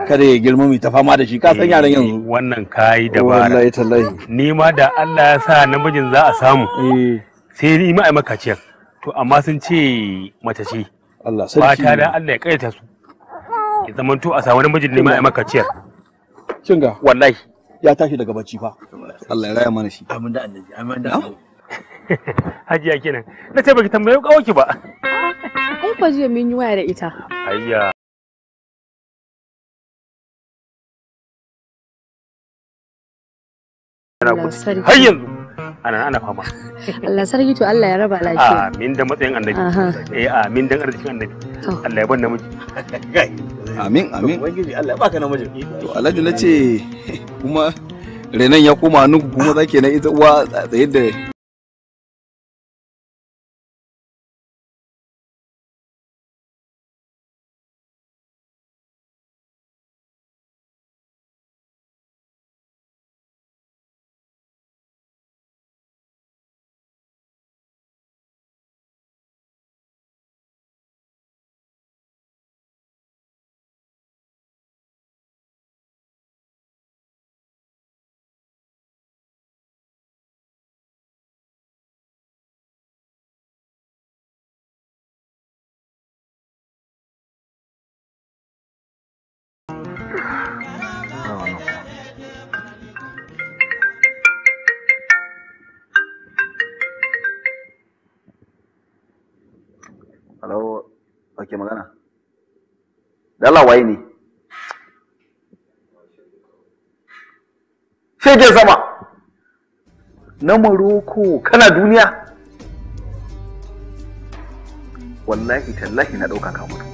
kada ya girma mai ta fama da shi ka san eh, yaran yanzu wannan kayi da ba wallahi tallahi ni ma da Allah ya sa namijin za a samu eh. sai ni ma maka makaciyar to amma sun ce mace ce Allah sarki ba da Allah ya kaita su ya to a samu namijin ne ma maka makaciyar kinga wallahi ya tashi daga bacci fa Allah ya raya mana shi amin da annabi amin da annabi hajiya kenan na ce baki tambaye kawaki ba ai fa jiya mun yi waya da ita ayya har yanzu ana ana fama Allah sarki to Allah ya raba lafiya amin da matsayin annabi eh amin dan arzikin annabi Allah ya bar namiji amin amin ubangiji Allah ya baka namiji to Alhaji nace kuma renan ya koma hannunku kuma zake na ita uwa tsaye da ke magana da Allah waye ne shege sama na Morocco kana duniya wallahi tallahi na ɗauka ka mutu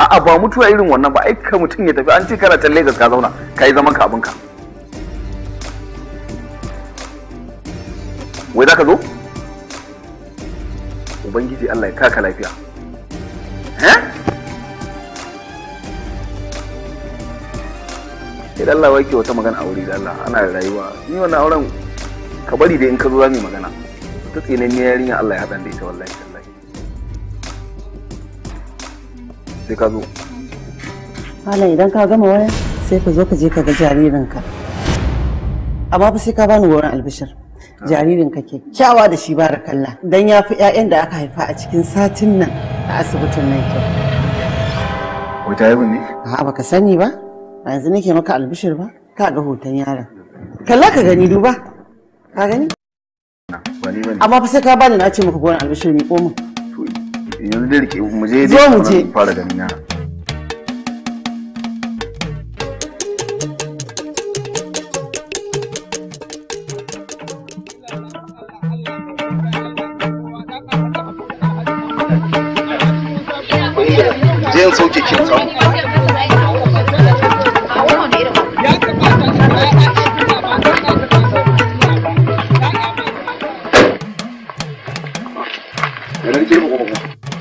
a'a ba mutuwa irin wannan ba aika mutum ya tafi an ce kana can Lagos ka zauna ka yi zaman ka abinka wai za ka zo ubangiji Allah ya kaka lafiya idan Allah wake wata magana aure da Allah ana rayuwa ni wannan auren ka bari da in ka zo za mu magana ta tsinanni yarinya Allah ya hadan da ita wallahi tallahi sai ka zo Malam idan ka gama waya sai ka zo ka je ka ga jaririnka amma fa sai ka bani wurin albishir ah. jaririnka kyakkyawa da shi barakalla dan ya fi ƴaƴan da aka haifa a cikin satin nan a asibitin nan ke. Wata yaro ne? A'a baka sani ba? A yanzu nake maka albishir ba? Ka ga hoton yaron. Kalla ka gani duba. Ka gani? Amma fa sai ka bani na ce maka gonar albishir mi koma. Yanzu da rike mu je. Zo mu je. Fara ganin yaron. zai sauke kin samu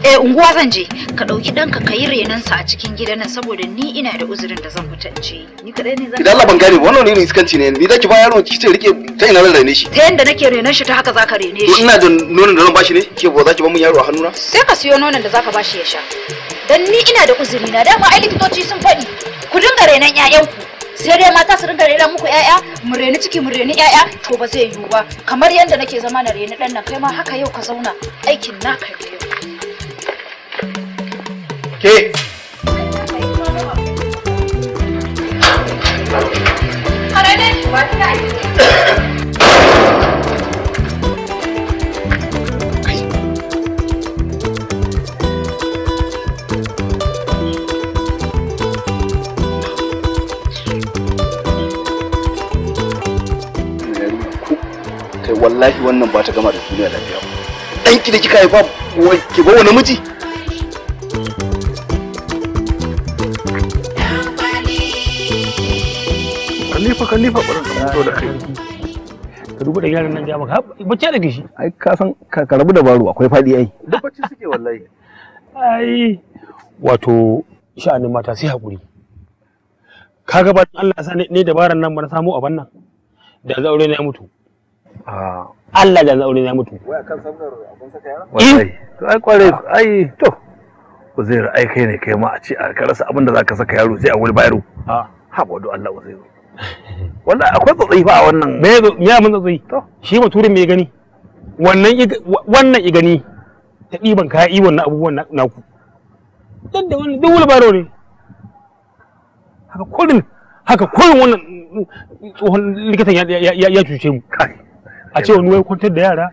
Eh unguwa zan je ka ɗauki ɗanka ka yi renonsa a cikin gidan nan saboda ni ina da uzurin da zan fita in ce ni kaɗai ne zan idan Allah ban gane wannan ne iskanci ne ni zaki ba yaro ki ce rike ta ina zan rene shi ta yanda nake renon shi ta haka zaka rene shi ina da nonon da zan bashi ne ke ba zaki ba mun yaro a hannuna sai ka siyo nonon da zaka bashi ya sha dan ni ina da uzuri na dama ai likitoci sun faɗi ku dinga renon ƴaƴanku sai dai mata su dinga rena muku 'ya'ya mu reni ciki mu reni ƴaƴa to ba zai yiwu ba kamar yadda nake zama na reni dan nan kai ma haka yau ka zauna aikin naka yau ke Kare ne, wallahi wannan ba ta gama da duniya lafiya ki da kika haifa ki wa namiji kalifa kalifa barin ka da kai ka duba da yaran nan ga maka bacci da gishi ai ka san ka rabu da baro akwai fadi ai duk bacci suke wallahi ai wato sha'anin mata sai hakuri kaga ba Allah sa ne dabaran nan ba na samu a nan da zaure ne ya mutu Ah. Allah da zaure na mutu wai abun saka yara eh. wallahi to ai kware ai to kai ne kai ma a ce a karasa abin da zaka saka yaro sai a wuri bayaro ah. ha ba do Allah wallahi akwai fa a wannan me mun to shi me gani wannan wannan ta iwon na abubuwan naku duk wani baro ne haka haka wannan tsohon likitan ya cuce mu kai a ce wani wai kwantar da yara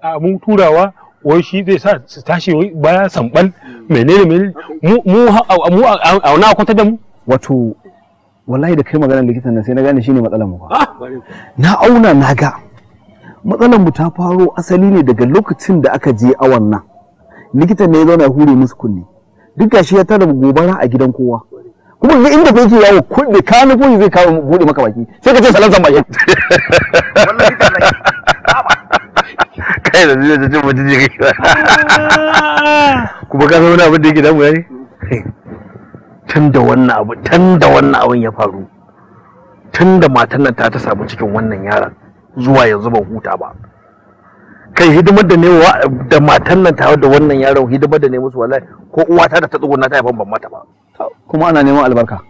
a mun turawa wai shi zai sa su tashi baya sambal menene menene mu mu a wani kwantar da mu wato wallahi da kai maganar likitan nan sai na gane shine matsalar mu ah! na auna na ga matsalar mu ta faro asali ne daga lokacin da aka je awan nan likitan ne ya zauna hure musu kunne duk gashi ya tara gobara a gidan kowa kuma ga inda fa yake yawo kudi ka nufo kudi zai kawo bude maka baki sai ka ce salan san baki kai da zai ta ce mutum je kai kuma ka wani abin da yake damu ne tun da wannan abu tun da wannan abin ya faru tun da matan nan ta ta samu cikin wannan yaron zuwa yanzu ban huta ba kai hidimar da ne da matan nan ta da wannan yaron hidimar da ne musu wallahi ko uwata da ta tsuguna ta haifan ban mata ba kuma ana neman albarka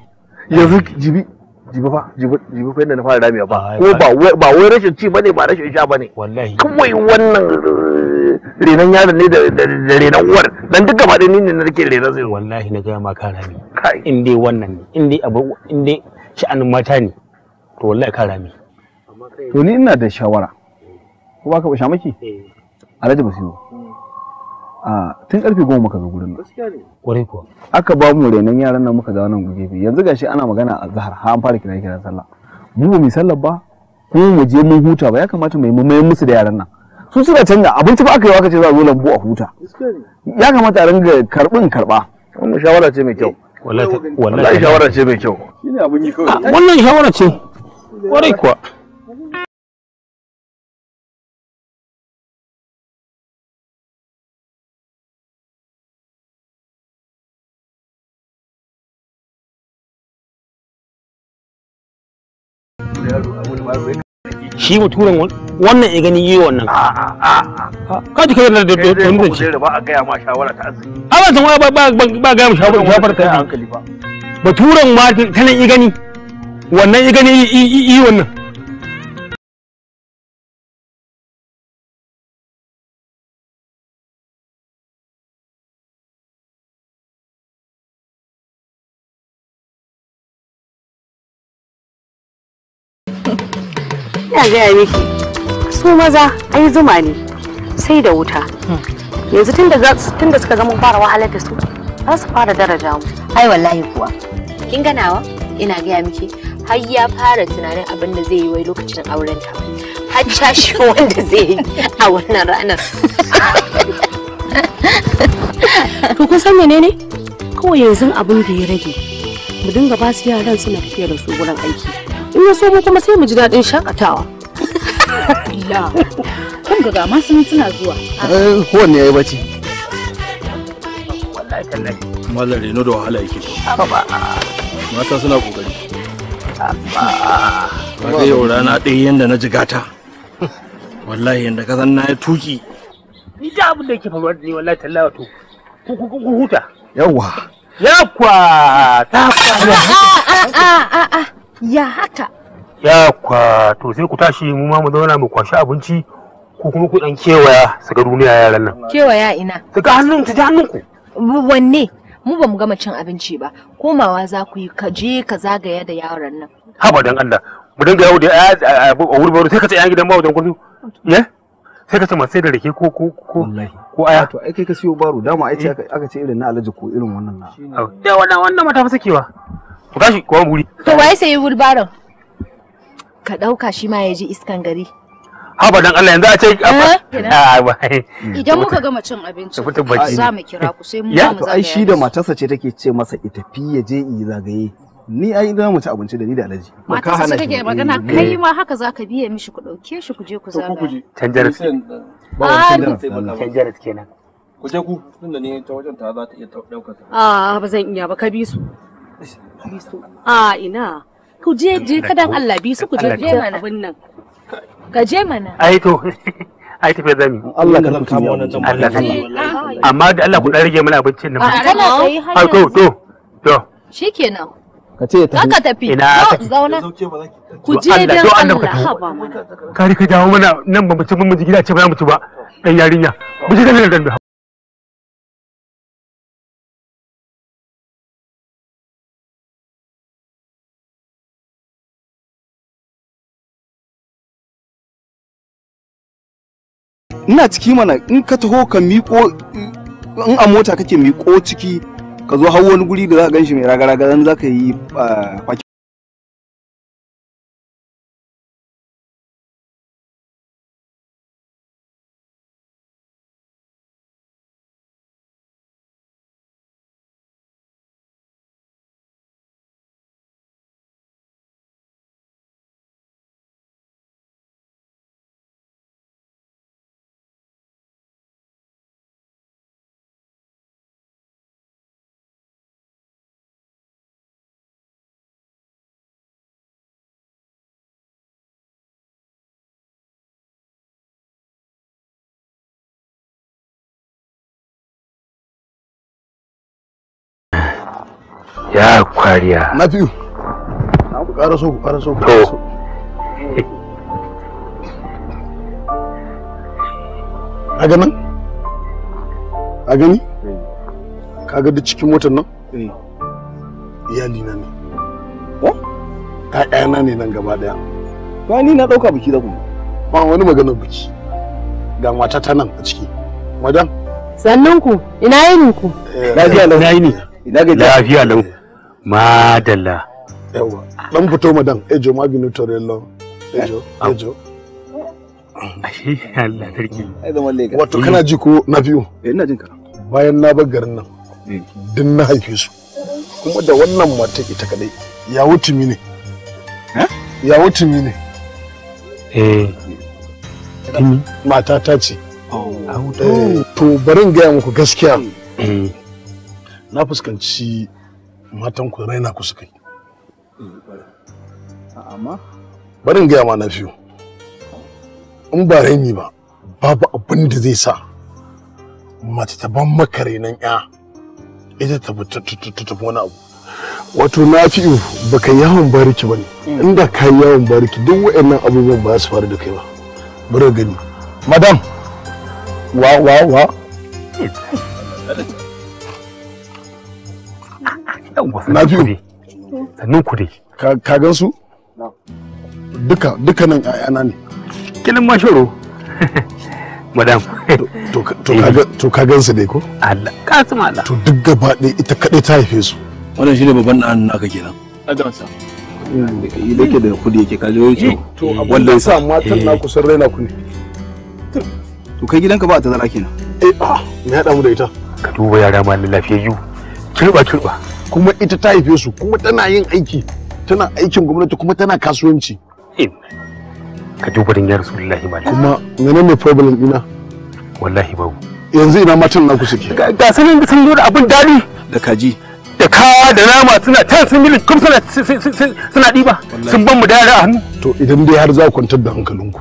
yanzu eh. jibi jibi fa jibi jibi fa yadda na fara ramewa ba ko ba ba wai rashin ci bane ba rashin sha bane wallahi kawai wannan eh, renan yaron ne da renan uwar dan duk gaba da ni ne nake renan zai wallahi na gaya ma ka rami in dai wannan ne in dai abu in dai sha'anin mata ne to wallahi ka rami to ni ina da shawara ko baka ba shamaki eh. alhaji basiru a tun karfe goma muka zo gurin Wani kuwa aka ba mu renon yaran nan muka zauna guje bi yanzu gashi ana magana a zahar har an fara kira kiran sallah mu ba mu sallah ba ko mu je mun huta ba ya kamata mai mai musu da yaran nan su suna canza abinci ba aka yi aka ce za a zo lambu a huta ya kamata a ringa karbin karba wannan shawara ce mai kyau wallahi shawara ce mai kyau wannan shawara ce kwarai kuwa shi mutumin wannan ya gani yi wannan ka ji kai na da da mutum ba a gaya ma shawara ta azumi a ba san ba gaya ma shawara shawara ta hankali ba baturan ma ta nan i gani wannan i gani i wannan ina gaya miki su maza ai zuma ne sai da wuta yanzu tun da suka zama fara wahalar da su za su fara daraja mu ai wallahi kuwa kin ganawa ina gaya miki har ya fara tunanin abin da zai yi wai lokacin aurenta har shi wanda zai yi a wannan ranar to kun san menene kawai yanzu abin da ya rage mu dinga ba su yaran suna tafiya da su wurin aiki in ya so mu kuma sai mu ji daɗin shakatawa Allah kan ga ma sun suna zuwa eh, kowanne yayi bacci wallahi tallahi mallan reno da wahala yake mata suna kokari ba ga yau rana ɗaya yanda na ji gata. wallahi yanda ka san na ya tuki ni da abin da yake faruwa da ni wallahi tallawa to. ku ku huta yawa yakwa ta fara a a a a ya haka ya kwa to sai ku tashi mu ma mu zauna mu kwashi abinci ko kuma ku dan kewaya su ga duniya yaran nan kewaya ina su ga hannun ta hannun ku wanne mu ba mu gama cin abinci ba komawa za ku yi ka je ka zagaya da yaran nan haba dan Allah mu dinga yau da eh, a wurin sai ka ce yan gidan ba wajen kullu ne eh? sai ka ce masu da rake ko ko ko ko aya to ai kai ka siyo baro dama ai ce eh. aka ce irin na alaji ko irin wannan na da wannan wannan mata fa sakewa ku tashi ku wuri to waye sai wulbaron ka dauka shi ma ya iskan gari haba dan Allah yanzu a ce eh? ah, idan muka gama cin abinci za mu kira ku sai mu za mu zagaya ai shi da matarsa ce take ce masa ita fi ya je yi zagaye ni ai idan mu ci abinci da ni da alaji mata su take magana mm. kai ma haka za ka biye mishi ku dauke shi ku je ku zagaya tanjar tanjar kenan ku je ku tunda ne ta wajen ta za ta iya daukar a ah, ba zan iya ba ka bi su bisu a ina ku je je kadan Allah bisu ku je je mana abin nan ka je mana ai to ai tafi zami Allah ka zaka mu wannan Allah ka eh, amma da Allah ku dan rage mana abincin nan a to to to shikenan ka ce ta ka tafi ina zauna ku je dan Allah ka rika dawo mana nan ba mu ci mun ji gida ce ba mu ci ba dan yarinya mu ji da nan ina ciki mana in ka taho ka miƙo in a mota kake miƙo ciki ka zo hau wani guri da za ka gan mai raga-raga za ka yi ah, ya kwariya na biyu na ku ƙara so ku ƙara so ku ƙara so a ganin a gani eh. ka ga duk cikin motar nan eh. iyali na ne ƴaƴana ne nan gaba ɗaya ba ni na ɗauka biki da ku ba wani magana biki ga mata ta nan a ciki madam sannan ku ina yini ku eh. lafiya lau ina ga lafiya lau madalla yawa dan fito madan ejo maginu torello ejo ah. ejo Allah tarki wato kana ji ko na biyu eh, ina jin ka bayan na bar garin nan eh. din na haife su kuma da wannan mata ita kadai ya wutumi ne ya wutumi ne eh mata ta ce oh. eh, to barin gaya muku gaskiya na fuskanci matan ku raina ku suka yi eh, amma barin gaya ma na fiyo in ba raini ba babu abin da zai sa mace ta ban maka rainan ya ita ta tafi wani abu wato na fi baka yawon bariki ba ne hmm. inda ka yawon bariki duk waɗannan abubuwan ba su faru da kai ba bari gani madam wa wa wa na biyu sannan ku dai ka gan su duka dukkanin ayana ne kilin mashoro madam to ka gan su dai ko Allah ka su mala to duk gaba ɗaya ita kaɗai ta haife su wannan shine babban ɗan naka kenan adansa yake da kudi yake kaji wai ce eh, to wannan eh. sa matan eh. naku sun raina ku ne to kai gidanka ba ta zara kenan eh ah me hada mu da ita ka duba yara ma lafiyayyu kirba kirba kuma ita ta haife su kuma tana yin aiki tana aikin gwamnati kuma tana kasuwanci ka duba din ya rasulullahi malam kuma menene ne problem ina wallahi babu yanzu ina matan naku suke ga sanin da sun zo da abin dadi da kaji da kawa da nama suna ta sun milik kuma suna suna diba sun ban mu da a hannu to idan dai har za ku kwantar da hankalinku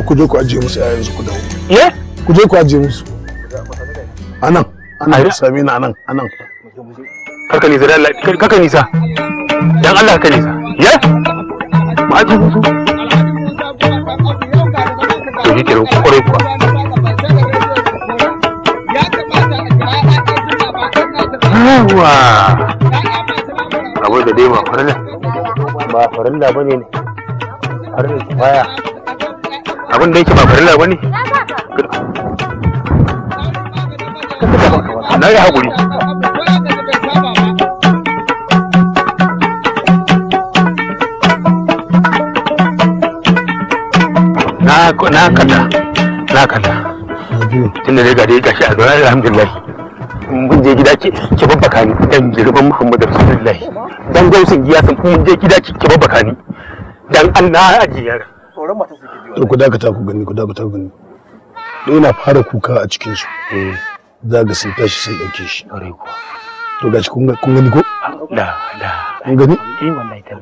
to ku je ku ajiye musu yayin su ku dawo eh ku je ku ajiye musu anan anan sami na anan anan kaka nisa da Allah kaka nisa dan Allah kaka nisa ya ma ji musu to ni kira ku kore ku yawa abu da dai ma farilla ba farilla bane ne har baya abin da yake ba farilla bane na ga hakuri na kalla na kalla tunda dai ga dai gashi a zuwa alhamdulillah mun je gida ki ki babbaka ni dan girman Muhammadu Rasulullahi dan gausin giya sun mun je gida ki ki babbaka ni dan Allah ajiyar tsoron mata suke to ku dakata ku gani ku dakata ku gani da yana fara kuka a cikin su mm. za ga sun tashi sun dauke shi to gashi kun gani ko da da kun gani eh wallahi ta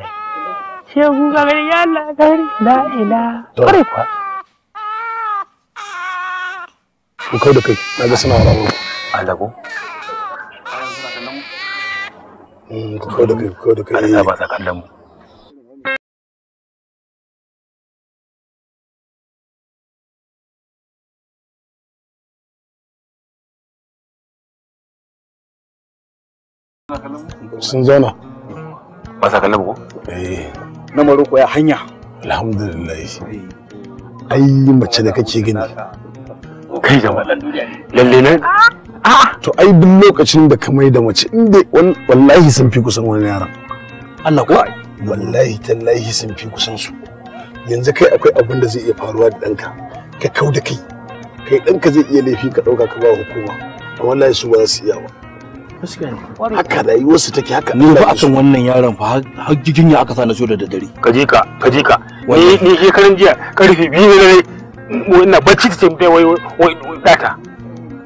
Shi ku ga gani ya Allah gari la ila kare ku. ku kai da kai na ga suna warawa Allah ko eh, ku kai da kai, ku kai da kai. Allah ba tsakan da mu. sun zauna ba sa kallon ko eh na maroko ya hanya alhamdulillah ai mace da kake gani kai da wannan duniya lalle ne ah! to ai duk lokacin da ka mai da mace inda wallahi sun fi kusan wani yaran Allah ko wallahi tallahi sun fi kusan su yanzu kai akwai abin da zai iya faruwa da danka ka kau da kai kai danka zai iya laifi ka dauka ka ba hukuma wallahi su ba za su iya ba haka rayuwarsu take haka ni ba akan wannan yaron fa har ya aka sa na so da ka je ka ka ka ni ni shekaran jiya karfe biyu ne dare ina bacci ta dai wai wai data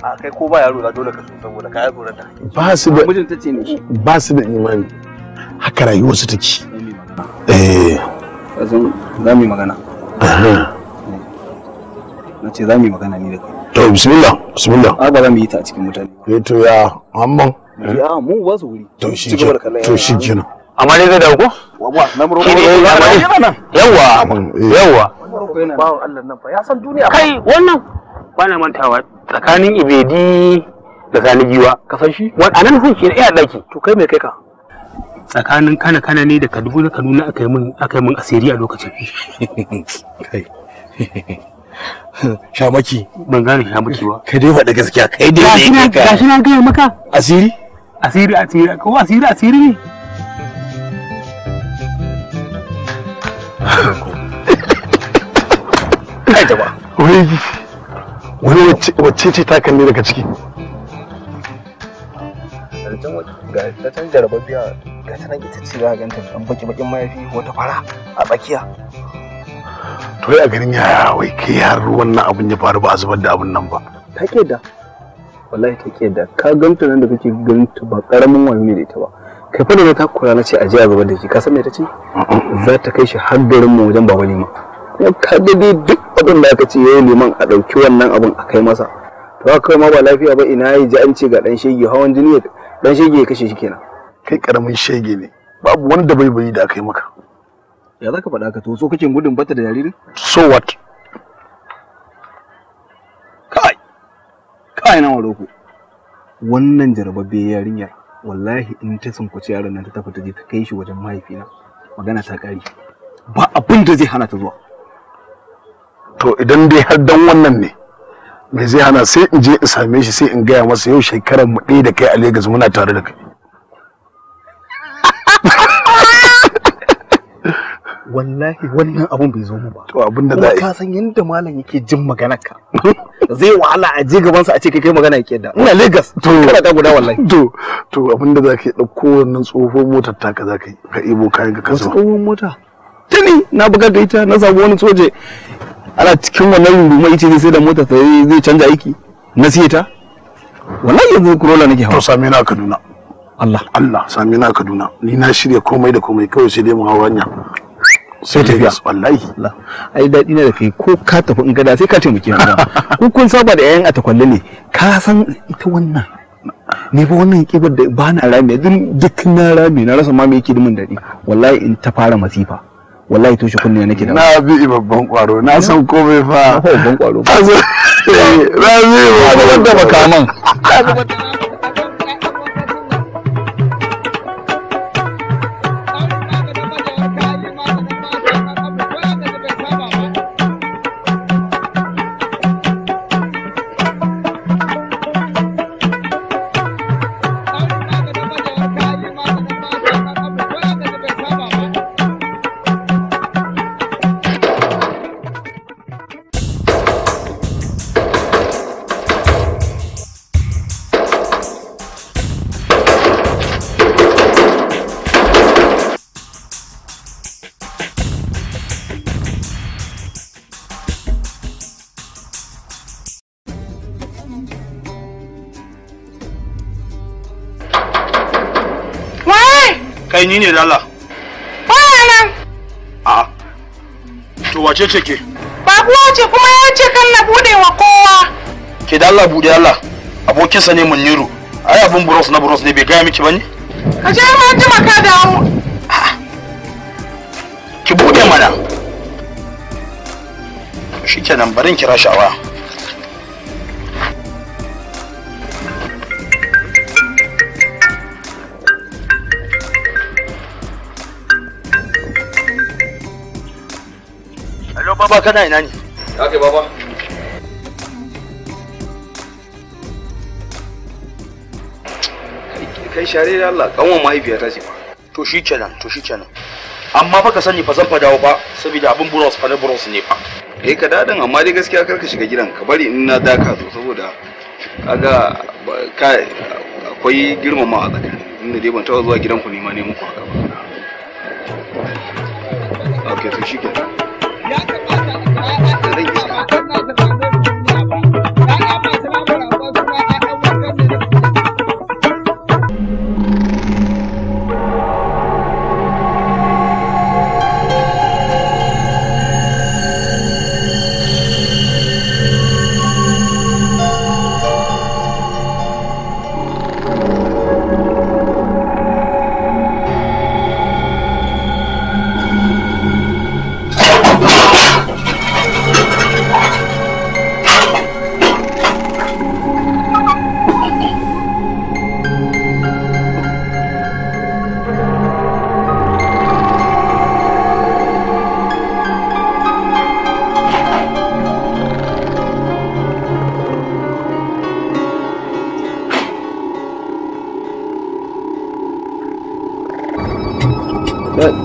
a kai ko ba yaro da dole ka so saboda ka yaro da ba su da mijin tace ne ba su da imani haka rayuwarsu take eh kazan za mu yi magana Aha. Nace za mu yi magana ni da kai to bismillah bismillah a ba za mu yi ta a cikin mutane eh to ya amman Eh? ya mu ba su wuri to shi to shi kenan amma dai zai dawo ko na muroko eh, eh, yana nan yawa yawa bawon Allah nan fa ya san duniya kai wannan bana mantawa tsakanin ibedi da sani giwa ka san shi a nan san shi iya daki to kai mai kai ka tsakanin kana kana ne da kaduna kaduna aka yi min aka yi min asiri a lokacin kai shamaki ban gane shamaki ba kai dai faɗa gaskiya kai dai gashi na gaya maka asiri asiri asiri ko asiri asiri ne kai jaba wai wani wacce ce ta kalle daga ciki ta can ga ta nan ita ce za a ganta an baki bakin mayafi wata fara a tsakiya to ya ganin yaya wai kai har wannan abin ya faru ba a zubar da abin nan ba ta da wallahi take da ka ganta nan da kake ganta ba karamin wayo ne da ita ba kai fa da ta kura na ce a jiya gaba da shi ka san me ta ce za ta kai shi har garin mu wajen baba liman ka ga dai duk abin da aka ce yayi liman a dauki wannan abin a kai masa to haka ma ba lafiya ba ina yi ji an ce ga dan shege hawan jini dan shege ya kashe shi kenan kai karamin shege ne babu wani bai bai da aka yi maka ya zaka faɗa ka to so kake gudun bata da jaririn? so what a yana maroko wannan jarababbe yarinyar wallahi in ta sunkuci yaron nan ta tafi ta je ta kai shi wajen mahaifina magana ta kare ba abin da zai hana ta zuwa to idan dai har dan wannan ne me zai hana sai in je in same shi sai in gaya masa yau shekarar mu ɗaya da kai a Legas muna tare da kai wallahi wannan abun bai zo mu ba to abin da za ka san yanda malam yake jin maganar ka zai wahala a je gaban sa a ce kai kai magana yake da ina Lagos to kana da guda wallahi to to abin da za ka yi dauko wannan tsohon motar taka za ka yi ka ibo kayan ka kasa tsohon mota tuni na buga da ita na samu wani soje ana cikin wannan ruma ita sai da motar ta zai canja aiki na siye ta wallahi yanzu kurola nake hawa to same na Kaduna Allah Allah same na Kaduna ni na shirya komai da komai kawai sai dai mu hawa hanya sai tafiya wallahi ai daɗi ne da kai ko ka tafi in gada sai ka muke mu ko kun saba da yayan atakwalle ne ka san ita wannan ne ba wannan kibar da ba na rami din duk na rami na rasa ma me yake min daɗi wallahi in ta fara masifa wallahi toshe kunne nake da na bi babban kwaro na san komai fa babban kwaro na bi babban da makaman ne da Allah? Baya nan. A. To wace ce ke? Ba kuwa ce kuma ya ce kan na bude wa kowa. Ke da Allah bude Allah. Abokinsa ne Muniru. Ai abun buros na buros ne bai gaya miki bane? Ka je ma maka da mu. Ki bude mana. Shikenan barin kira shawa. baba kana ina ne ya kai baba kai share da Allah kanwan mahaifiyata ce ba to shi kenan to shi kenan amma fa ka sani fa zan fa dawo ba saboda abin buros fa ne buros ne fa eh ka dadin amma dai gaskiya kar ka shiga gidan ka bari in na daka zo saboda kaga kai akwai ma a tsakanin inda dai ban taɓa zuwa gidanku ne ma ne muku haka ba okay to shi kenan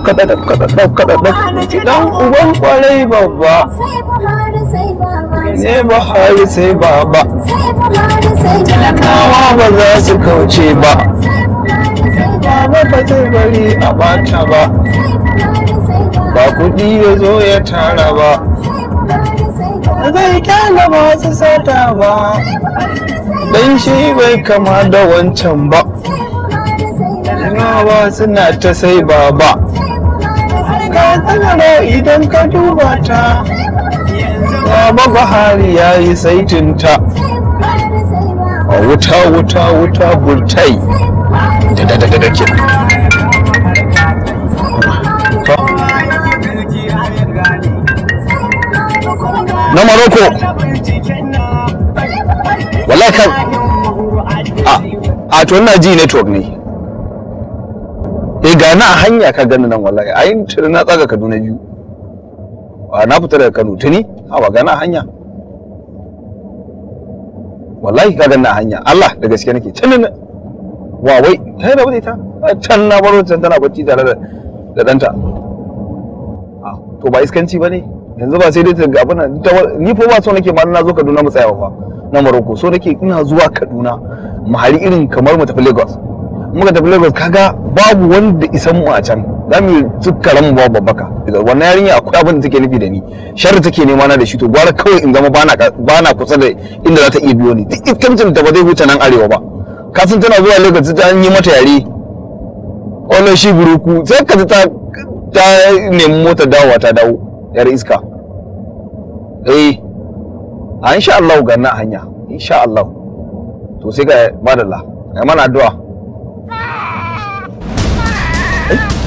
kada da kada da uban kwarai babba ne sai baba talakawa ba za su kauce ba baba ba zai bari a bata ba ba kuɗi ya zo ya tara ba zai kyala masu sata ba dan shi bai kama da wancan ba Nawa suna ta sai baba. tsagaro idan ka duba ta Baba Buhari ya yi saitinta a wuta wuta wuta burtai da da da da na maroko wallahi kan a ah, ah, to ina ji network ne da na hanya ka gani nan wallahi ai tuni na tsaga Kaduna biyu na fita daga Kano tuni a ba na hanya wallahi ka gani na hanya Allah da gaske nake tuni wa wai kai da bude ta can na baro can tana bacci tare da da danta ah, to ba iskanci bane yanzu ba sai dai ga abuna ni fa ba so nake ma na zo Kaduna mu tsaya ba na Morocco so nake ina zuwa Kaduna mu irin kamar mu tafi Lagos muka tafi lagos kaga babu wanda isan mu a can za mu yi tukkaran mu babu babbaka wannan yarinya akwai abin da take nufi da ni sharri take nema na da shi to gwara kawai in zama bana kusa da inda za ta iya biyo ni duk iskancin da ba zai huce nan arewa ba ka san tana zuwa lagos ta yi mata yare wannan shi buruku sai ka ta ta nemi mota dawowa ta dawo yar iska eh a insha Allah ganna hanya insha Allah to sai ka madalla ai mana addu'a Ấy.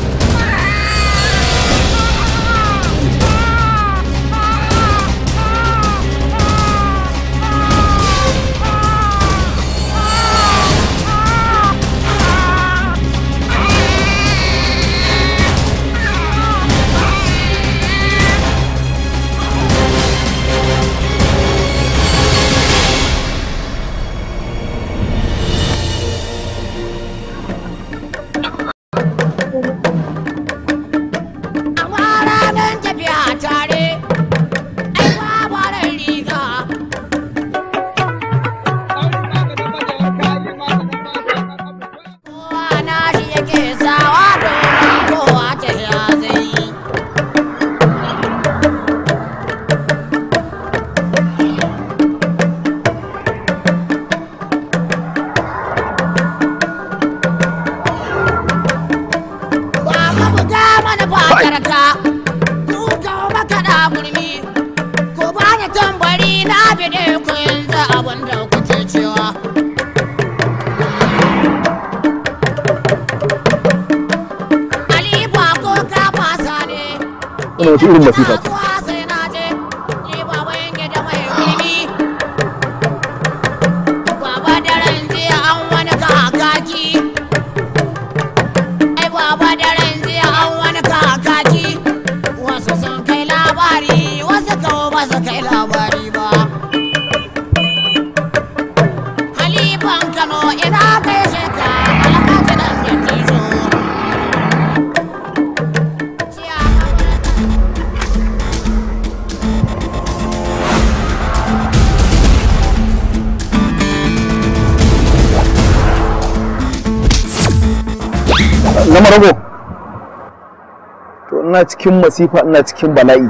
cikin masifa ina cikin bala'i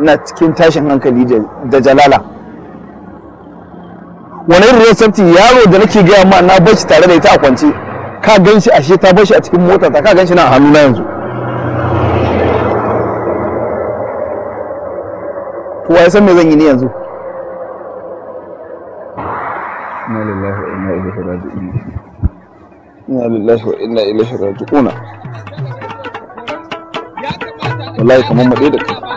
ina cikin tashin hankali da jalala wani irin rasafti yaro da nake gaya ma na bashi tare da ita a kwance ka gan shi ashe ta bashi a cikin mota ta ka gan shi na hannu na yanzu kowa ya san me zan yi ne yanzu inna lillahi wa inna ilaihi raji'un inna lillahi wa inna ilaihi raji'un ¿verdad? Y somos